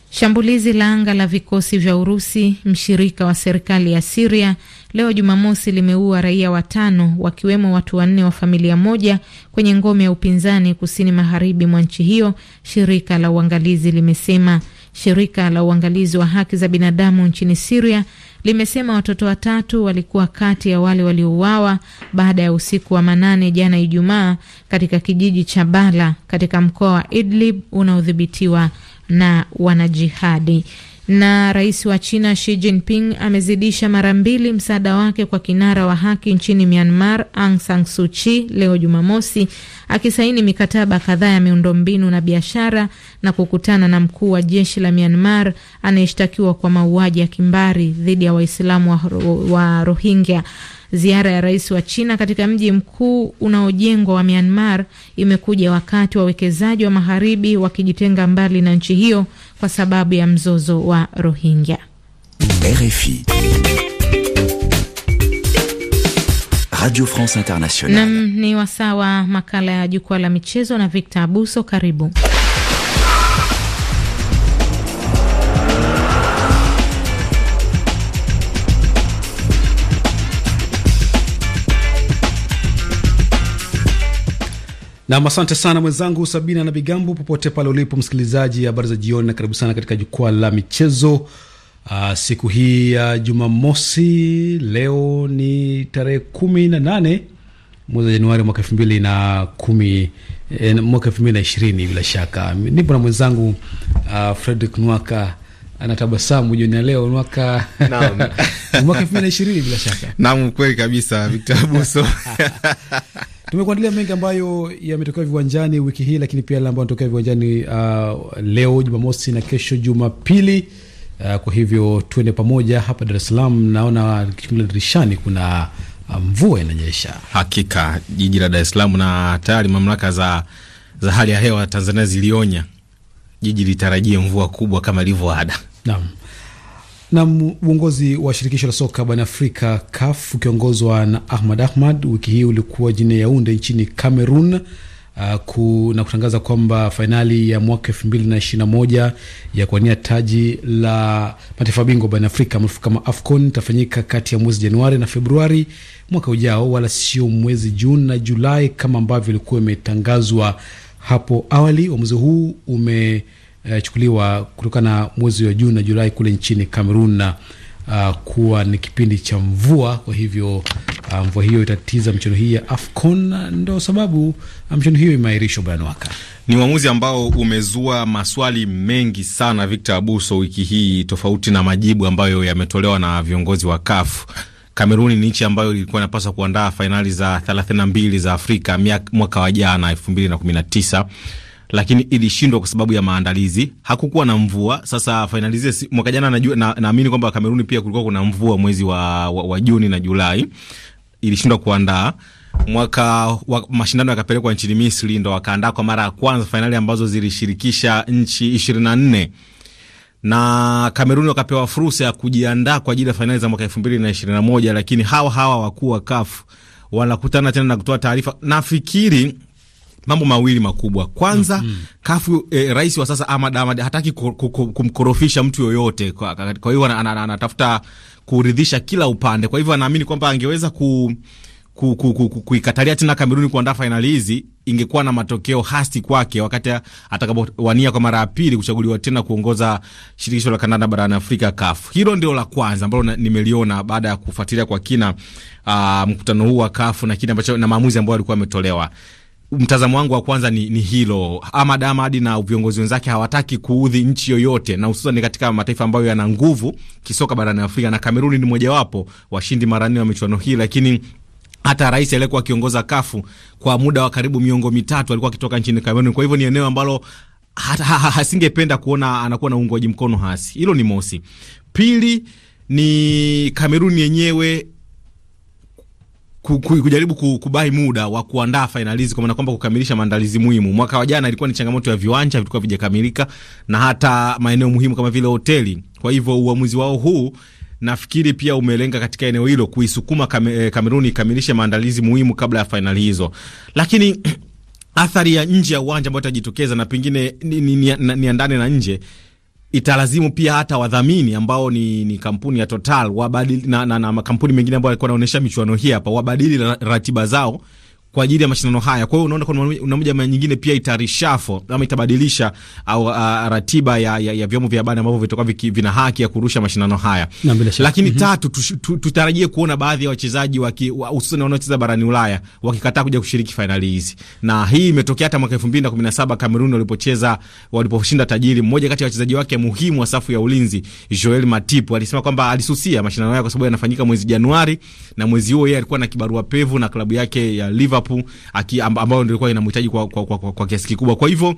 Shambulizi la anga la vikosi vya Urusi, mshirika wa serikali ya Siria, leo Jumamosi limeua raia watano wakiwemo watu wanne wa familia moja kwenye ngome ya upinzani kusini magharibi mwa nchi hiyo, shirika la uangalizi limesema. Shirika la uangalizi wa haki za binadamu nchini Siria limesema watoto watatu walikuwa kati ya wale waliouawa baada ya usiku wa manane jana Ijumaa katika kijiji cha Bala katika mkoa wa Idlib unaodhibitiwa na wanajihadi. Na rais wa China Xi Jinping amezidisha mara mbili msaada wake kwa kinara wa haki nchini Myanmar Aung San Suu Kyi leo Jumamosi, akisaini mikataba kadhaa ya miundombinu na biashara na kukutana na mkuu wa jeshi la Myanmar anayeshtakiwa kwa mauaji ya kimbari dhidi ya Waislamu wa, wa Rohingya. Ziara ya rais wa China katika mji mkuu unaojengwa wa Myanmar imekuja wakati wawekezaji wa magharibi wakijitenga mbali na nchi hiyo kwa sababu ya mzozo wa Rohingya. RFI Radio France Internationale. Nam ni wasawa makala ya jukwaa la michezo na Victor Abuso, karibu. Nam, asante sana mwenzangu Sabina na Bigambo, popote pale ulipo msikilizaji. Habari za jioni na karibu sana katika jukwaa la michezo. Uh, siku hii ya uh, Jumamosi, leo ni tarehe kumi na nane mwezi wa Januari mwaka elfu mbili na kumi eh, mwaka elfu mbili na ishirini bila shaka nipo na mwenzangu uh, Fredrick Nwaka anatabasamu jioni ya leo mwaka mwaka elfu mbili na ishirini bila shaka. nam, kweli kabisa Victor Abuso Tumekuandalia mengi ambayo yametokea viwanjani wiki hii, lakini pia yale ambayo yanatokea viwanjani uh, leo Jumamosi na kesho Jumapili. Uh, kwa hivyo tuende pamoja hapa Dar es Salaam. Naona dirishani kuna uh, mvua inanyesha, hakika jiji la Dar es Salaam, na tayari mamlaka za, za hali ya hewa Tanzania zilionya jiji litarajie mvua kubwa kama ilivyo ada. Naam. Na uongozi wa shirikisho la soka barani Afrika CAF ukiongozwa na Ahmad Ahmad wiki hii ulikuwa jini Yaunde nchini Cameroon ah, na kutangaza kwamba fainali ya mwaka elfu mbili na ishirini na moja ya kuwania taji la mataifa bingwa barani Afrika maarufu kama AFCON itafanyika kati ya mwezi Januari na Februari mwaka ujao, wala sio mwezi Juni na Julai kama ambavyo ilikuwa imetangazwa hapo awali. Uamuzi huu ume Eh, chukuliwa kutokana mwezi wa Juni na Julai kule nchini Kamerun na uh, kuwa ni kipindi cha mvua. Kwa hivyo uh, mvua hiyo itatiza mchuano hii ya AFCON, ndo sababu ah, mchuano hiyo imeahirishwa. Bwana Waka, ni uamuzi ambao umezua maswali mengi sana, Victor Abuso, wiki hii, tofauti na majibu ambayo yametolewa na viongozi wa CAF. Kameruni ni nchi ambayo ilikuwa inapaswa kuandaa fainali za 32 za Afrika mwaka wa jana 2019 lakini ilishindwa kwa sababu ya maandalizi. Hakukuwa na mvua. Sasa fainali zile mwaka jana, naamini na kwamba Kameruni pia kulikuwa kuna mvua mwezi wa, wa, wa Juni na Julai, ilishindwa kuandaa mwaka wa mashindano yakapelekwa nchini Misri, ndo wakaandaa kwa mara ya kwanza fainali ambazo zilishirikisha nchi ishirini na nne na Kameruni wakapewa fursa ya kujiandaa kwa ajili ya fainali za mwaka elfu mbili na ishirini na moja lakini hawa hawa wakuu wa kafu wanakutana tena na kutoa taarifa. Nafikiri mambo mawili makubwa. Kwanza mm -hmm. Kafu e, rais wa sasa Ahmad Ahmad hataki kumkorofisha mtu yoyote, kwa, kwa hivyo anatafuta kuridhisha kila upande. Kwa hivyo anaamini kwamba angeweza ku kuikatalia tena Kameruni kuandaa fainali hizi ingekuwa na matokeo hasi kwake wakati atakapowania kwa mara ya pili kuchaguliwa tena kuongoza shirikisho la kandanda barani Afrika, CAF. Hilo ndio la kwanza ambalo nimeliona baada ya kufuatilia kwa kina uh, mkutano huu wa CAF na kile ambacho na maamuzi ambayo alikuwa ametolewa mtazamo wangu wa kwanza ni, ni hilo. Ahmad Ahmad na viongozi wenzake hawataki kuudhi nchi yoyote, na hususan katika mataifa ambayo yana nguvu kisoka barani Afrika, na Kameruni ni mojawapo washindi mara nne wa michuano hii, lakini hata rais aliyekuwa akiongoza kafu kwa muda wa karibu miongo mitatu alikuwa akitoka nchini Kameruni. Kwa hivyo ni eneo ambalo hasingependa ha, ha, kuona anakuwa na uungwaji mkono hasi. Hilo ni mosi. Pili ni Kameruni yenyewe kujaribu kubai muda wa kuandaa fainali hizi, kwa maana kwamba kukamilisha maandalizi muhimu. Mwaka wa jana ilikuwa ni changamoto ya viwanja vilikuwa vijakamilika na hata maeneo muhimu kama vile hoteli. Kwa hivyo uamuzi wao huu nafikiri pia umelenga katika eneo hilo kuisukuma Kameruni eh, ikamilishe maandalizi muhimu kabla ya fainali hizo, lakini athari ya nje ya uwanja ambayo itajitokeza na pengine ni, ni, ni, ni, ni na nje italazimu pia hata wadhamini ambao ni, ni kampuni ya Total wabadili, na, na, na makampuni mengine ambayo alikuwa anaonyesha michuano hii hapa wabadili ratiba zao kwa ajili ya mashindano haya. Kwa hiyo unaona kwa namna moja nyingine pia itarishafo ama itabadilisha au uh, ratiba ya, ya, ya vyombo vya habari ambavyo vitakuwa vina haki ya kurusha mashindano haya. Lakini mm -hmm. Tatu tutarajie tu, tu kuona baadhi ya wachezaji hususan wanaocheza barani Ulaya wakikataa kuja kushiriki fainali hizi, na hii imetokea hata mwaka 2017 Kamerun walipocheza waliposhinda tajiri. Mmoja kati ya wachezaji wake muhimu wa safu ya ulinzi Joel Matip alisema kwamba alisusia mashindano haya kwa sababu yanafanyika mwezi Januari na mwezi huo yeye alikuwa na kibarua pevu na klabu yake ya Liverpool Liverpool ambayo ndio ilikuwa inamhitaji kwa, kwa, kwa, kwa, kwa kiasi kikubwa. Kwa hivyo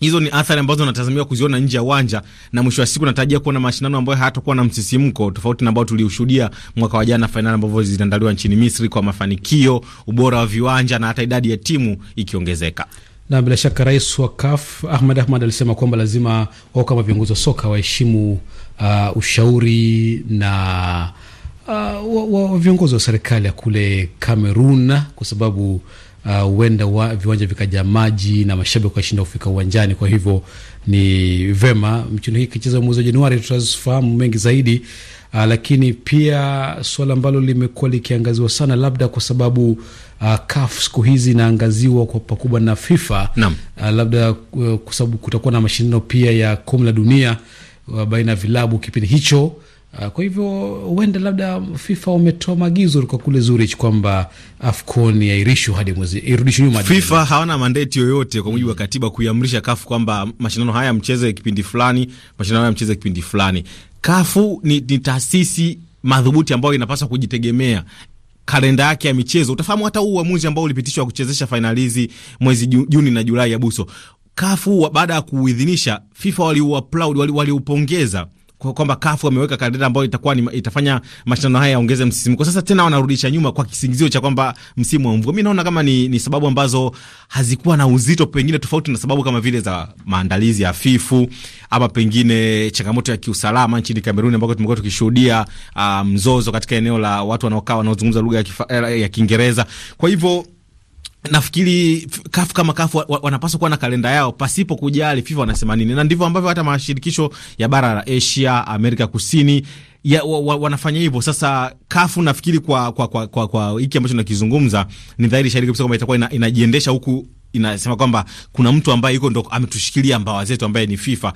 hizo ni athari ambazo natazamiwa kuziona nje ya uwanja, na mwisho wa siku natarajia kuona mashindano ambayo hayatakuwa na msisimko tofauti na ambao tuliushuhudia mwaka wa jana, fainali ambavyo ziliandaliwa nchini Misri kwa mafanikio, ubora wa viwanja na hata idadi ya timu ikiongezeka. Na bila shaka rais wa CAF Ahmad Ahmad alisema kwamba lazima wao kama viongozi wa soka waheshimu uh, ushauri na uh, wa, wa viongozi wa serikali ya kule Kamerun kwa sababu uh, huenda uh, viwanja vikajaa maji na mashabiki wakashinda kufika uwanjani. Kwa hivyo ni vema mchuano hii ikicheza mwezi wa Januari tutafahamu mengi zaidi. Uh, lakini pia suala ambalo limekuwa likiangaziwa sana, labda kwa sababu uh, CAF siku hizi inaangaziwa kwa pakubwa na FIFA uh, labda uh, kwa sababu kutakuwa na mashindano pia ya kombe la dunia uh, baina ya vilabu kipindi hicho Ah, kwa hivyo huenda labda FIFA wametoa maagizo kwa kule Zurich kwamba AFCON yairishwe hadi mwezi irudishwe nyuma. FIFA hawana mandate yoyote kwa mujibu wa katiba kuiamrisha kafu kwamba mashindano haya mcheze kipindi fulani, mashindano haya mcheze kipindi fulani. Kafu ni, ni taasisi madhubuti ambayo inapaswa kujitegemea kalenda yake ya michezo. Utafahamu hata huu uamuzi ambao ulipitishwa kuchezesha fainali hizi mwezi Juni na Julai ya buso kafu baada ya kuuidhinisha FIFA waliuaplaud waliupongeza wali kwamba kafu ameweka kalenda ambayo itakuwa ni, itafanya mashindano haya yaongeze msisimko. Sasa tena wanarudisha nyuma kwa kisingizio cha kwamba msimu wa mvua. Mimi naona kama ni, ni sababu ambazo hazikuwa na uzito, pengine tofauti na sababu kama vile za maandalizi fifu ama pengine changamoto ya kiusalama nchini Kameruni ambako tumekuwa tukishuhudia ah, mzozo um, katika eneo la watu wanaokaa wanaozungumza lugha ya eh, Kiingereza. Kwa hivyo nafikiri kafu kama kafu wanapaswa kuwa na kalenda yao pasipo kujali FIFA wanasema nini, na ndivyo ambavyo hata mashirikisho ya bara la Asia, Amerika Kusini ya, wa, wa, wanafanya hivyo sasa. Kafu nafikiri kwa kwa kwa kwa, kwa hiki ambacho nakizungumza ni dhahiri shairi kabisa kwamba itakuwa ina, inajiendesha huku inasema kwamba kuna mtu ambaye yuko ndo ametushikilia mbawa zetu ambaye ni FIFA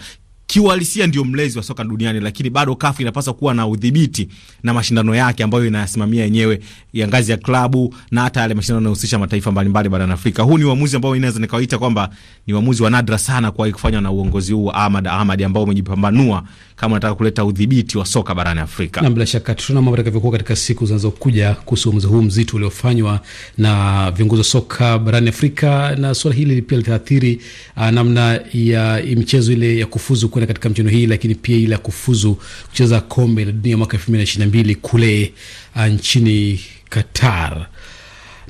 kiuhalisia ndio mlezi wa soka duniani, lakini bado kafu inapaswa kuwa na udhibiti na mashindano yake ambayo inayasimamia yenyewe ya ngazi ya klabu na hata yale mashindano yanayohusisha mataifa mbalimbali barani Afrika. Huu ni uamuzi ambao inaweza nikawaita kwamba ni uamuzi wa nadra sana kuwahi kufanywa na uongozi huu Ahmad Ahmad ambao umejipambanua kama nataka kuleta udhibiti wa soka barani Afrika. Na bila shaka tutaona mambo yatakavyokuwa katika siku zinazokuja kuhusu uamuzi huu mzito uliofanywa na viongozi wa soka barani Afrika, na suala hili pia litaathiri ah, namna ya michezo ile ya kufuzu kwa kwenda katika mchezo hii, lakini pia ile ya kufuzu kucheza kombe la dunia mwaka 2022 kule uh, nchini Qatar.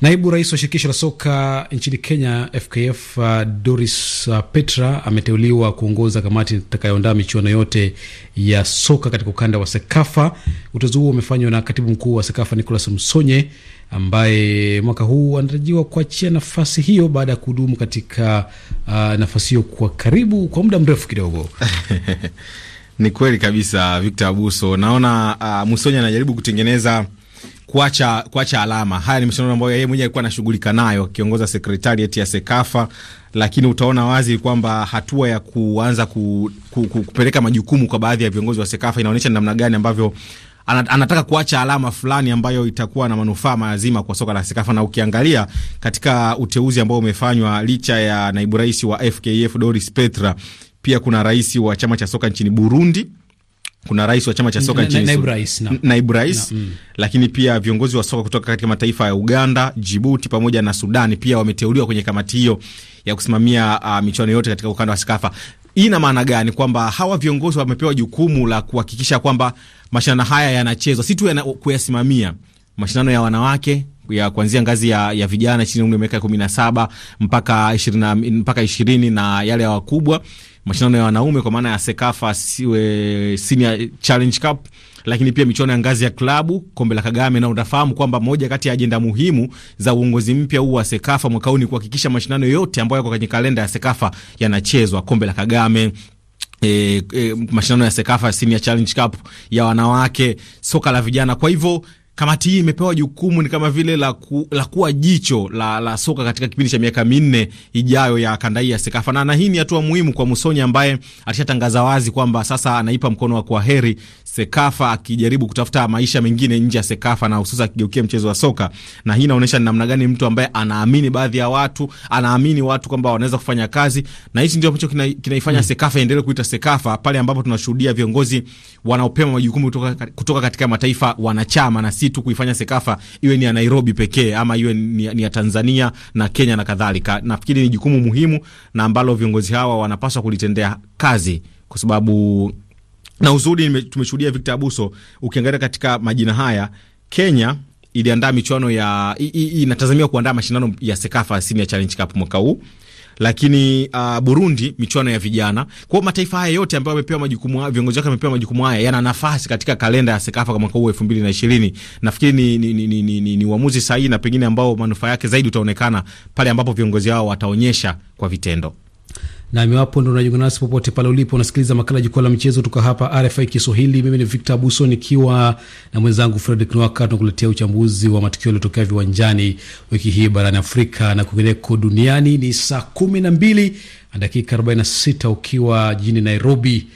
Naibu rais wa shirikisho la soka nchini Kenya, FKF, uh, Doris uh, Petra ameteuliwa kuongoza kamati itakayoandaa michuano yote ya soka katika ukanda wa SEKAFA. Uteuzi huo umefanywa na katibu mkuu wa SEKAFA Nicolas Msonye, ambaye mwaka huu anatarajiwa kuachia nafasi hiyo baada ya kuhudumu katika uh, nafasi hiyo kwa karibu kwa muda mrefu kidogo. Ni kweli kabisa, Victor Abuso. Naona uh, Msonye anajaribu kutengeneza kuacha kuacha alama. Haya ni mashindano ambayo yeye mwenyewe alikuwa anashughulika nayo akiongoza sekretariat ya Sekafa, lakini utaona wazi kwamba hatua ya kuanza ku, ku, ku, kupeleka majukumu kwa baadhi ya viongozi wa Sekafa inaonyesha namna gani ambavyo anataka kuacha alama fulani ambayo itakuwa na manufaa mazima kwa soka la Sekafa. Na ukiangalia katika uteuzi ambao umefanywa, licha ya naibu rais wa FKF Doris Petra, pia kuna rais wa chama cha soka nchini Burundi kuna rais wa chama cha soka nchini naibu rais, na. naibu rais na, mm. Lakini pia viongozi wa soka kutoka katika mataifa ya Uganda, jibuti pamoja na Sudani pia wameteuliwa kwenye kamati hiyo ya kusimamia uh, michuano yote katika ukanda wa Sikafa. Hii ina maana gani? Kwamba hawa viongozi wamepewa jukumu la kuhakikisha kwamba mashindano haya yanachezwa, si tu kuyasimamia mashindano ya wanawake ya kuanzia ngazi ya, ya vijana chini ya umri wa miaka kumi na saba mpaka ishirini mpaka ishirini na yale ya wakubwa, mashindano ya wanaume kwa maana ya Sekafa siwe Senior Challenge Cup lakini pia michuano ya ngazi ya klabu kombe la Kagame, na utafahamu kwamba moja kati ya ajenda muhimu za uongozi mpya huu wa Sekafa mwaka huu ni kuhakikisha mashindano yote ambayo yako kwenye kalenda ya Sekafa yanachezwa, kombe la Kagame. E, e, mashindano ya Sekafa Senior Challenge Cup ya wanawake, soka la vijana. Kwa hivyo kamati hii imepewa jukumu ni kama vile la, ku, la kuwa jicho la, la soka katika kipindi cha miaka minne ijayo ya kanda hii ya Sekafa, na, na hii ni hatua muhimu kwa Musonyi ambaye alishatangaza wazi kwamba sasa anaipa mkono wa kwaheri Sekafa akijaribu kutafuta maisha mengine nje ya Sekafa na hususan akigeukia mchezo wa soka, na hii inaonyesha ni namna gani mtu ambaye anaamini baadhi ya watu, anaamini watu kwamba wanaweza kufanya kazi, na hichi ndio ambacho kinaifanya kina hmm. Sekafa endelee kuita Sekafa pale ambapo tunashuhudia viongozi wanaopewa majukumu kutoka, kutoka katika mataifa wanachama, na si tu kuifanya Sekafa iwe ni ya Nairobi pekee ama iwe ni, ni ya Tanzania na Kenya na kadhalika. Nafikiri ni jukumu muhimu na ambalo viongozi hawa wanapaswa kulitendea kazi kwa sababu na uzuri tumeshuhudia Victor Abuso, ukiangalia katika majina haya Kenya iliandaa michuano ya inatazamiwa kuandaa mashindano ya Sekafa Senior Challenge Cup mwaka huu, lakini uh, Burundi michuano ya vijana. kwao. mataifa haya yote ambayo amepewa majukumu, haya, viongozi wake wamepewa majukumu haya, yana nafasi katika kalenda ya Sekafa kwa mwaka huu elfu mbili na 2020. Nafikiri ni ni, ni, ni, ni, ni uamuzi sahihi na pengine ambao manufaa yake zaidi utaonekana pale ambapo viongozi hao wataonyesha kwa vitendo na iwapo ndo unajiunga nasi popote pale ulipo, unasikiliza makala jukwaa la michezo kutoka hapa RFI Kiswahili. Mimi ni Victor Abuso nikiwa na mwenzangu Fredrick Nwaka, tunakuletea uchambuzi wa matukio yaliyotokea viwanjani wiki hii barani Afrika na kwingineko duniani. Ni saa kumi na mbili na dakika arobaini na sita ukiwa jijini Nairobi,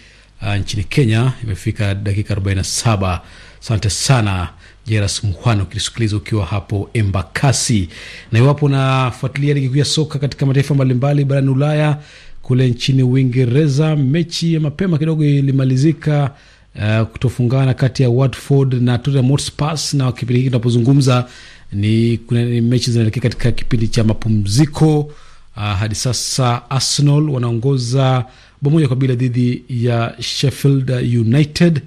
uh, nchini Kenya imefika dakika arobaini na saba. Asante sana Jeras Mhwano, ukisikiliza ukiwa hapo Embakasi, na iwapo unafuatilia ligi kuu ya soka katika mataifa mbalimbali barani Ulaya kule nchini Uingereza, mechi ya mapema kidogo ilimalizika uh, kutofungana kati ya Watford na Tottenham Hotspur, na kipindi hiki tunapozungumza ni kuna mechi zinaelekea katika kipindi cha mapumziko uh, hadi sasa Arsenal wanaongoza bao moja kwa bila dhidi ya Sheffield United.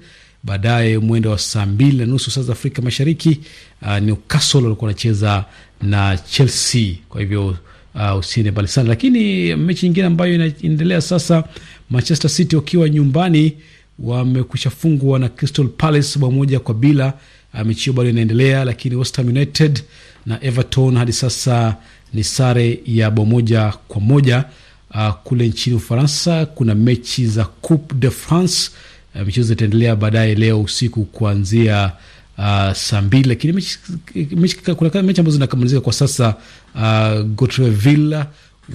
Baadaye mwendo wa saa mbili na nusu saa za Afrika Mashariki, uh, Newcastle walikuwa wanacheza na Chelsea. Kwa hivyo uh, mbali sana Lakini mechi nyingine ambayo inaendelea sasa, Manchester City wakiwa nyumbani wamekushafungwa na Crystal Palace bao moja kwa bila. Uh, mechi hiyo bado inaendelea, lakini West Ham United na Everton hadi sasa ni sare ya bao moja kwa moja. Uh, kule nchini Ufaransa kuna mechi za Coupe de France. Uh, michezo itaendelea baadaye leo usiku kuanzia uh, saa mbili, lakini mechi, ambazo zinakamalizika kwa sasa uh, ah, Gotrel Villa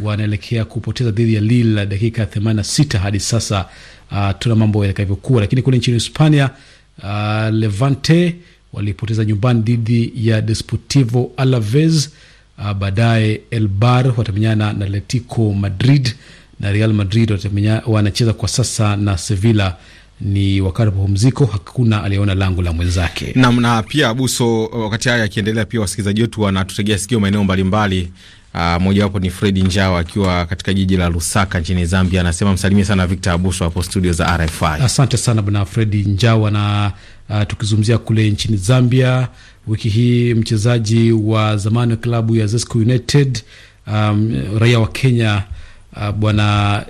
wanaelekea kupoteza dhidi ya Lille dakika 86 hadi sasa uh, tuna mambo yatakavyokuwa, lakini kule nchini Hispania uh, Levante walipoteza nyumbani dhidi ya Desportivo Alaves. Uh, baadaye Elbar watamenyana na Atletico Madrid na Real Madrid wanacheza kwa sasa na Sevilla ni wakati wa mapumziko, hakuna aliyeona lango la mwenzake. Naam, na pia Abuso, wakati haya yakiendelea, pia wasikilizaji wetu wanatutegea sikio maeneo mbalimbali. Uh, mojawapo ni Fredi Njao akiwa katika jiji la Lusaka nchini Zambia, anasema msalimie sana Victor Abuso hapo studio za RFI. Asante sana bwana Fredi Njao na uh, ah, tukizungumzia kule nchini Zambia wiki hii mchezaji wa zamani wa klabu ya Zesco United um, raia wa Kenya uh, bwana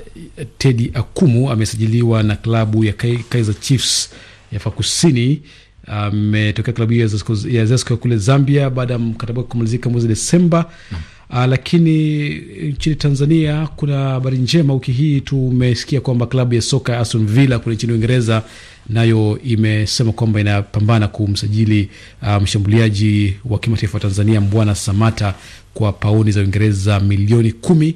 Tedi Akumu amesajiliwa na klabu ya Kaizer Chiefs ya Afrika Kusini. Ametokea uh, klabu hiyo ya Zesco kule Zambia baada ya mkataba wake kumalizika mwezi Desemba. mm. Uh, lakini nchini Tanzania kuna habari njema. Wiki hii tumesikia kwamba klabu ya soka ya Aston Villa kule nchini Uingereza nayo imesema kwamba inapambana kumsajili uh, mshambuliaji wa kimataifa wa Tanzania Mbwana Samata kwa pauni za Uingereza milioni kumi.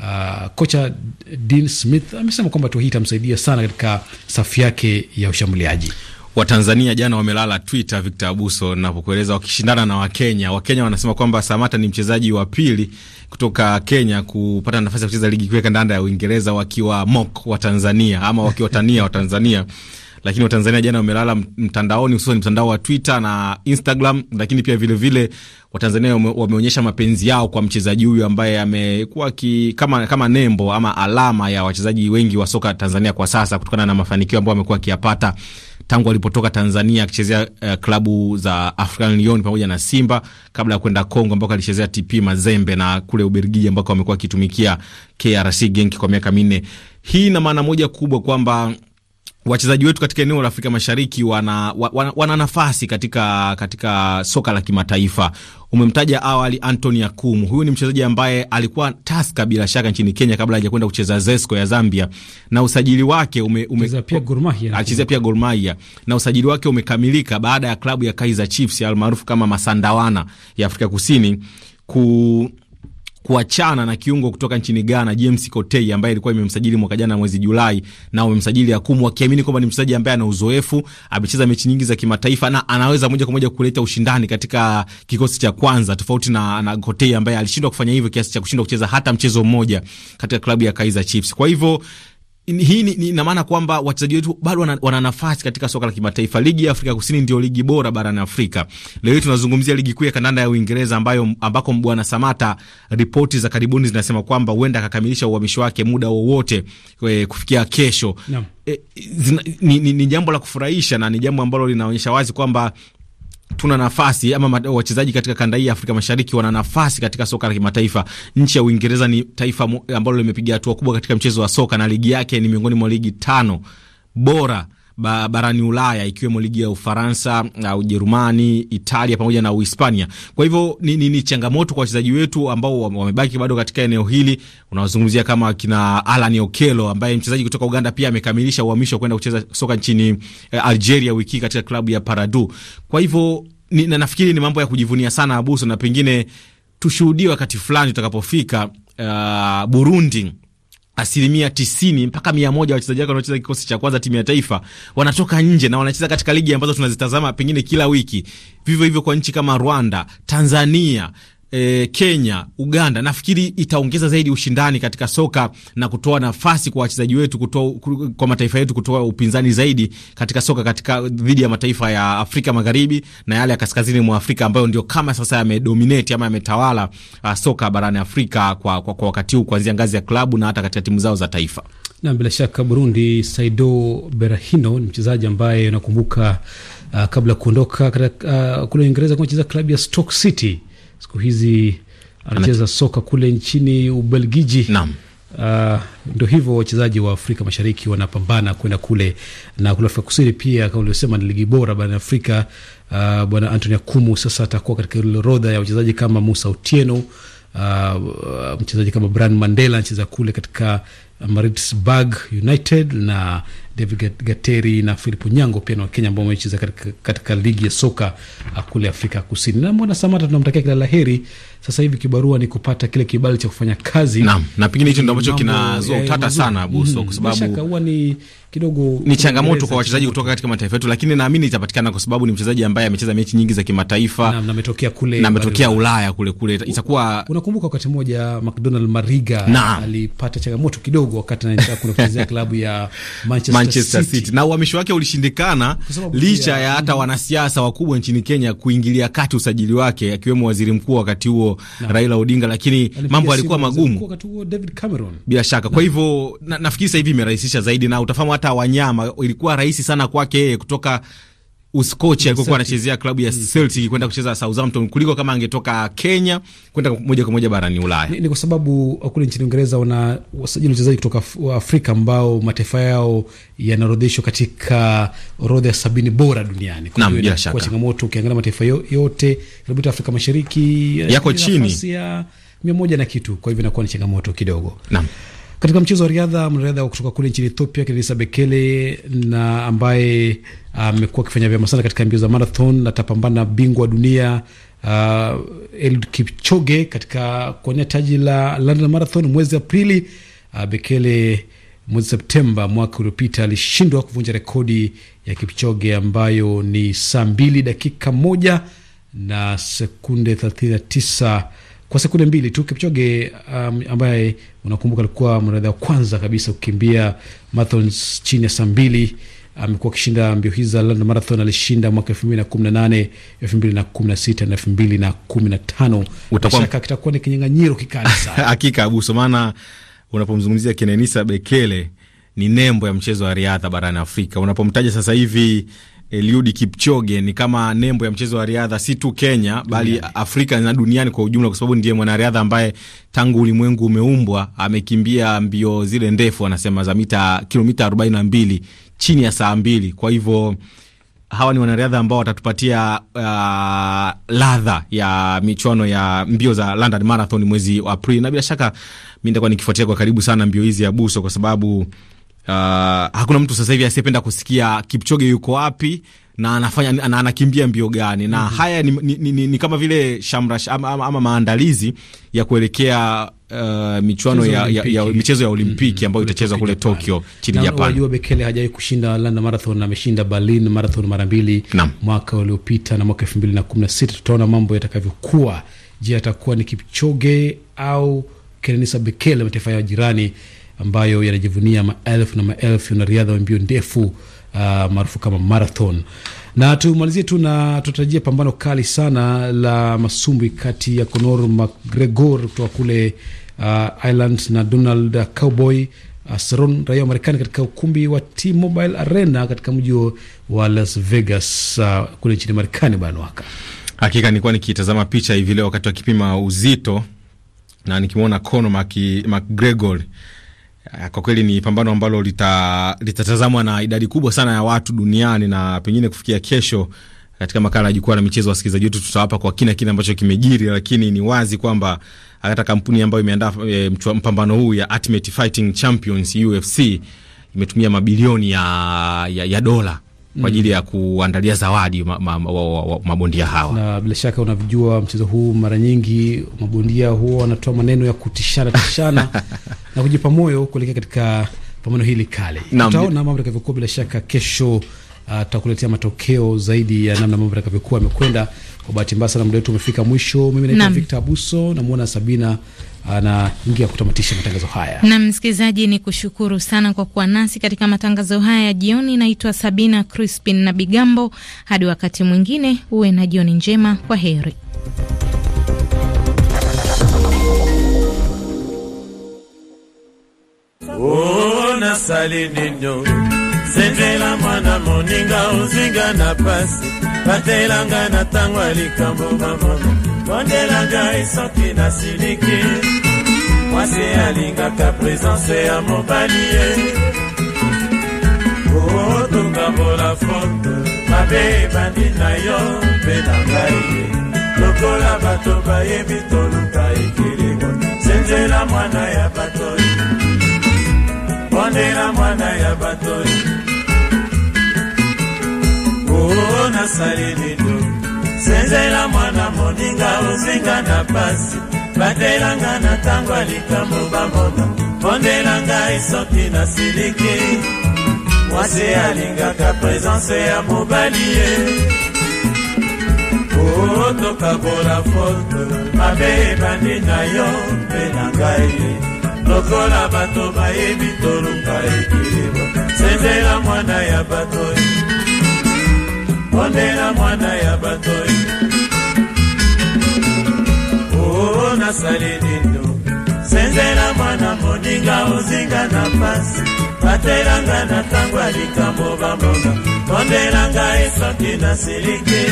Uh, kocha Dean Smith amesema kwamba hatua hii itamsaidia sana katika safu yake ya ushambuliaji. Watanzania jana wamelala Twitter, Victor Abuso, napokueleza wakishindana na Wakenya. Wakenya wanasema kwamba Samata ni mchezaji wa pili kutoka Kenya kupata nafasi ya kucheza ligi kuu ya kandanda ya Uingereza, wakiwa mok wa Tanzania ama wakiwatania Watanzania lakini Watanzania jana wamelala mtandaoni, hususan mtandao wa Twitter na Instagram, lakini pia vilevile Watanzania wameonyesha mapenzi yao kwa mchezaji huyu ambaye amekuwa kama, kama nembo ama alama ya wachezaji wengi wa soka Tanzania kwa sasa kutokana na mafanikio ambayo amekuwa akiyapata tangu alipotoka Tanzania akichezea uh, klabu za African Lyon pamoja na Simba kabla ya kwenda Kongo ambako alichezea TP Mazembe na kule Ubelgiji ambako amekuwa akitumikia KRC Genk kwa miaka minne. Hii ina maana moja kubwa kwamba wachezaji wetu katika eneo la Afrika Mashariki wana, wana, wana nafasi katika, katika soka la kimataifa. Umemtaja awali Anthony Akumu, huyu ni mchezaji ambaye alikuwa Taska bila shaka nchini Kenya kabla hajakwenda kucheza Zesco ya Zambia, na usajili wake ume, ume, alichezea pia Gor Mahia na usajili wake umekamilika baada ya klabu ya Kaizer Chiefs almaarufu kama Masandawana ya Afrika Kusini ku kuachana na kiungo kutoka nchini Ghana James Kotei ambaye ilikuwa imemsajili mwaka jana mwezi Julai, na umemsajili Akumu wakiamini kwamba ni mchezaji ambaye ana uzoefu, amecheza mechi nyingi za kimataifa na anaweza moja kwa moja kuleta ushindani katika kikosi cha kwanza, tofauti na, na Kotei ambaye alishindwa kufanya hivyo kiasi cha kushindwa kucheza hata mchezo mmoja katika klabu ya Kaizer Chiefs. Kwa hivyo hii ina maana kwamba wachezaji wetu bado wana, wana nafasi katika soka la kimataifa. Ligi ya Afrika Kusini ndio ligi bora barani Afrika. Leo hii tunazungumzia ligi kuu ya kandanda ya Uingereza ambayo ambako Bwana Samata, ripoti za karibuni zinasema kwamba huenda akakamilisha uhamisho wake muda wowote eh, kufikia kesho. No. E, eh, zina, ni, ni, ni jambo la kufurahisha na ni jambo ambalo linaonyesha wazi kwamba tuna nafasi ama wachezaji katika kanda hii ya Afrika Mashariki wana nafasi katika soka la kimataifa. Nchi ya Uingereza ni taifa ambalo limepiga hatua kubwa katika mchezo wa soka na ligi yake ni miongoni mwa ligi tano bora barani Ulaya ikiwemo ligi ya Ufaransa, Ujerumani, Italia pamoja na Uhispania. Kwa hivyo ni, ni, ni changamoto kwa wachezaji wetu ambao wamebaki bado katika eneo hili. Unawazungumzia kama kina Alan Okelo ambaye mchezaji kutoka Uganda pia amekamilisha uhamisho kwenda kucheza soka nchini eh, Algeria wiki katika klabu ya Paradu. Kwa hivyo ni, na nafikiri ni mambo ya kujivunia sana Abuso, na pengine tushuhudie wakati fulani tutakapofika uh, Burundi asilimia tisini mpaka mia moja wachezaji wake wanaocheza kikosi cha kwanza timu ya taifa wanatoka nje na wanacheza katika ligi ambazo tunazitazama pengine kila wiki. Vivyo hivyo kwa nchi kama Rwanda, Tanzania, e, Kenya, Uganda, nafikiri itaongeza zaidi ushindani katika soka na kutoa nafasi kwa wachezaji wetu kutoa, kwa mataifa yetu kutoa upinzani zaidi katika soka katika dhidi ya mataifa ya Afrika Magharibi na yale ya kaskazini mwa Afrika ambayo ndio kama sasa yamedominate ama yametawala uh, soka barani Afrika kwa, kwa, kwa wakati huu kuanzia ngazi ya klabu na hata katika timu zao za taifa. Na bila shaka Burundi, Saido Berahino ni mchezaji ambaye unakumbuka, uh, kabla ya kuondoka uh, kule Uingereza kucheza klabu ya Stoke City siku hizi anacheza soka kule nchini Ubelgiji. Naam. Uh, ah, ndo hivyo wachezaji wa Afrika Mashariki wanapambana kwenda kule na kule Afrika Kusini pia, kama ulivyosema ni ligi bora barani Afrika. Uh, bwana antony Akumu sasa atakuwa katika ile orodha ya wachezaji kama Musa Otieno, uh, mchezaji kama Brian Mandela anacheza kule katika Maritzburg United na David Gateri na Philip Nyango pia na Wakenya ambao wamecheza katika, katika ligi ya soka ah, kule Afrika Kusini. Na Samata tunamtakia kila la heri sasa hivi kibarua ni kupata kile kibali cha kufanya kazi na, na pengine hicho ndio ambacho kinazua utata sana Buso, kwa mm, sababu ni kidogo ni changamoto kwa wachezaji kutoka katika mataifa yetu, lakini naamini itapatikana kwa sababu ni mchezaji ambaye amecheza mechi nyingi za kimataifa na ametokea kule na ametokea Ulaya kule kule, itakuwa unakumbuka, wakati mmoja McDonald Mariga alipata changamoto kidogo wakati anaenda kuna kuchezea klabu ya Manchester, Manchester City. City na uhamisho wake ulishindikana licha ya hata mm. wanasiasa wakubwa nchini Kenya kuingilia kati usajili wake, akiwemo waziri mkuu wakati huo na Raila Odinga, lakini mambo alikuwa magumu David Cameron, bila shaka na. Kwa hivyo na, nafikiri sasa hivi imerahisisha zaidi, na utafahamu hata wanyama ilikuwa rahisi sana kwake yeye kutoka Uskochi alikokuwa anachezea klabu ya mm. Celtic kwenda kucheza Southampton kuliko kama angetoka Kenya kwenda moja kwa moja barani Ulaya. Ni, ni kwa sababu kule nchini Uingereza wana wasajili wachezaji kutoka Afrika ambao mataifa yao yanaorodheshwa katika orodha ya sabini bora duniani. Kwa hiyo changamoto ukiangalia mataifa yote labda Afrika Mashariki yako eh, chini ya mia moja na kitu, kwa hivyo inakuwa ni changamoto kidogo. Naam. Katika mchezo wa riadha, mwanariadha kutoka kule nchini Ethiopia Kenenisa Bekele na ambaye ah, amekuwa uh, akifanya vyema sana katika mbio za marathon, atapambana na bingwa wa dunia uh, Eliud Kipchoge katika kuwania taji la London Marathon mwezi Aprili. Uh, Bekele mwezi Septemba mwaka uliopita alishindwa kuvunja rekodi ya Kipchoge ambayo ni saa mbili dakika moja na sekunde thelathini na tisa kwa sekunde mbili tu. Kipchoge um, ambaye unakumbuka alikuwa mwanariadha wa kwanza kabisa kukimbia marathon chini ya saa mbili amekuwa um, akishinda mbio hizi za London Marathon. Alishinda mwaka elfu mbili na kumi na nane, elfu mbili na kumi na sita na elfu mbili na kumi na tano. Shaka kitakuwa ni kinyang'anyiro kikali sana hakika Abuso, maana unapomzungumzia Kenenisa Bekele ni nembo ya mchezo wa riadha barani Afrika. Unapomtaja sasa hivi Eliud Kipchoge ni kama nembo ya mchezo wa riadha si tu Kenya bali Afrika na duniani kwa ujumla, kwa sababu ndiye mwanariadha ambaye tangu ulimwengu umeumbwa amekimbia mbio zile ndefu, anasema za mita kilomita 42 chini ya saa mbili. Kwa hivyo hawa ni wanariadha ambao watatupatia uh, ladha ya michuano ya mbio za London Marathon mwezi wa Aprili, na bila shaka mi nitakuwa nikifuatia kwa karibu sana mbio hizi ya buso kwa sababu Uh, hakuna mtu sasa hivi asiyependa kusikia Kipchoge yuko wapi na anafanya na anakimbia mbio gani na mm -hmm. Haya ni, ni, ni, ni kama vile shamra ama, ama ama maandalizi ya kuelekea uh, michuano ya, ya, ya michezo ya Olimpiki mm -hmm. ambayo itachezwa kule Tokyo chini ya Japan. Unajua Bekele hajawahi kushinda London Marathon, na ameshinda Berlin Marathon mara mbili mwaka uliopita na mwaka 2016. Tutaona mambo yatakavyokuwa. Je, atakuwa ni Kipchoge au Kenenisa Bekele mataifa ya jirani? ambayo yanajivunia maelfu na maelfu wanariadha wa mbio ndefu uh, maarufu kama marathon. Na tumalizie tu na tutarajia pambano kali sana la masumbwi kati ya Conor McGregor kutoka kule uh, Ireland na Donald Cowboy Asaron uh, raia wa Marekani katika ukumbi wa T-Mobile Arena katika mji wa Las Vegas uh, kule nchini Marekani bwana waka. Hakika nilikuwa nikitazama picha hivi leo wakati wa kipima uzito na nikimwona Conor McGregor Mac Eh, kwa kweli ni pambano ambalo litatazamwa lita na idadi kubwa sana ya watu duniani na pengine kufikia kesho katika makala ya jukwaa la michezo, wasikilizaji wetu tutawapa kwa kina kile ambacho kimejiri, lakini ni wazi kwamba hata kampuni ambayo imeandaa e, mpambano huu ya Ultimate Fighting Champions UFC imetumia mabilioni ya, ya, ya dola kwa ajili ya kuandalia zawadi mabondia hawa, na bila shaka unavijua mchezo huu, mara nyingi mabondia huwa wanatoa maneno ya kutishana tishana na kujipa moyo kuelekea katika pambano hili kali. Utaona mambo yatakavyokuwa, bila shaka kesho atakuletea uh, matokeo zaidi ya namna mambo yatakavyokuwa yamekwenda. Kwa bahati mbaya sana muda wetu umefika mwisho. Mimi naitwa Victor Abuso, namwona Sabina anaingia kutamatisha matangazo haya. Na msikilizaji, ni kushukuru sana kwa kuwa nasi katika matangazo haya ya jioni. Naitwa Sabina Crispin na Bigambo. Hadi wakati mwingine, uwe na jioni njema. Kwa heri. Oh, nzembela mwana moninga ozinga na pasi batelanga na ntango ya likambo mamama bondela ngai soki nasiliki mwasi alingaka presence ya mobali ye otungambola oh, oh, foto mabe ebandi na yo mpe na ngai ye lokola bato bayebi toluka ekilimo senzela mwana ya bato bondela mwana ya bato mwana salilido senzela mwana moninga ozinga na pasi batelanga na ntango ya likambo bamona pondelanga esoki na siliki mwasi alingaka presence ya mobali ye otokabola oh, fote mabe ebandi na yo mpe na ngai lokola bato bayebi tolunga ekilibo senzela mwana ya bato pondela mwana ya bato oo oh, nasali lindo senzela mwana moninga ozinga na pasi batelanga na ntango ya likambo bamonga pondelanga esoki na silike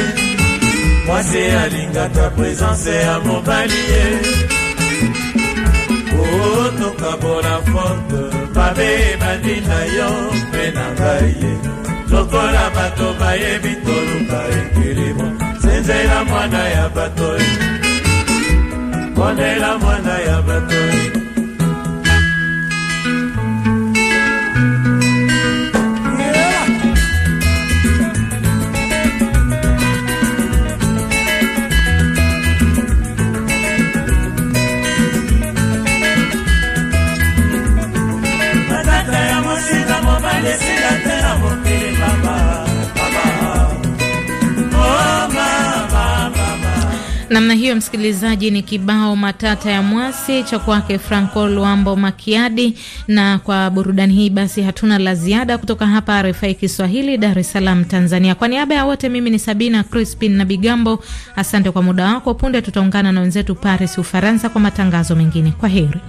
mwasi alingaka presence ya mobali ye oo oh, tokabola forte babe ebandi na yo mpe na ngai ye lokola bato bayebi toluka ekilimo nzenzela mwana ya bato kondela mwana ya bato namna hiyo, msikilizaji, ni kibao matata ya mwasi cha kwake Franco Luambo Makiadi. Na kwa burudani hii basi, hatuna la ziada kutoka hapa RFI Kiswahili, Dar es Salaam, Tanzania. Kwa niaba ya wote, mimi ni Sabina Crispin na Bigambo, asante kwa muda wako. Punde tutaungana na wenzetu Paris, Ufaransa, kwa matangazo mengine. Kwa heri.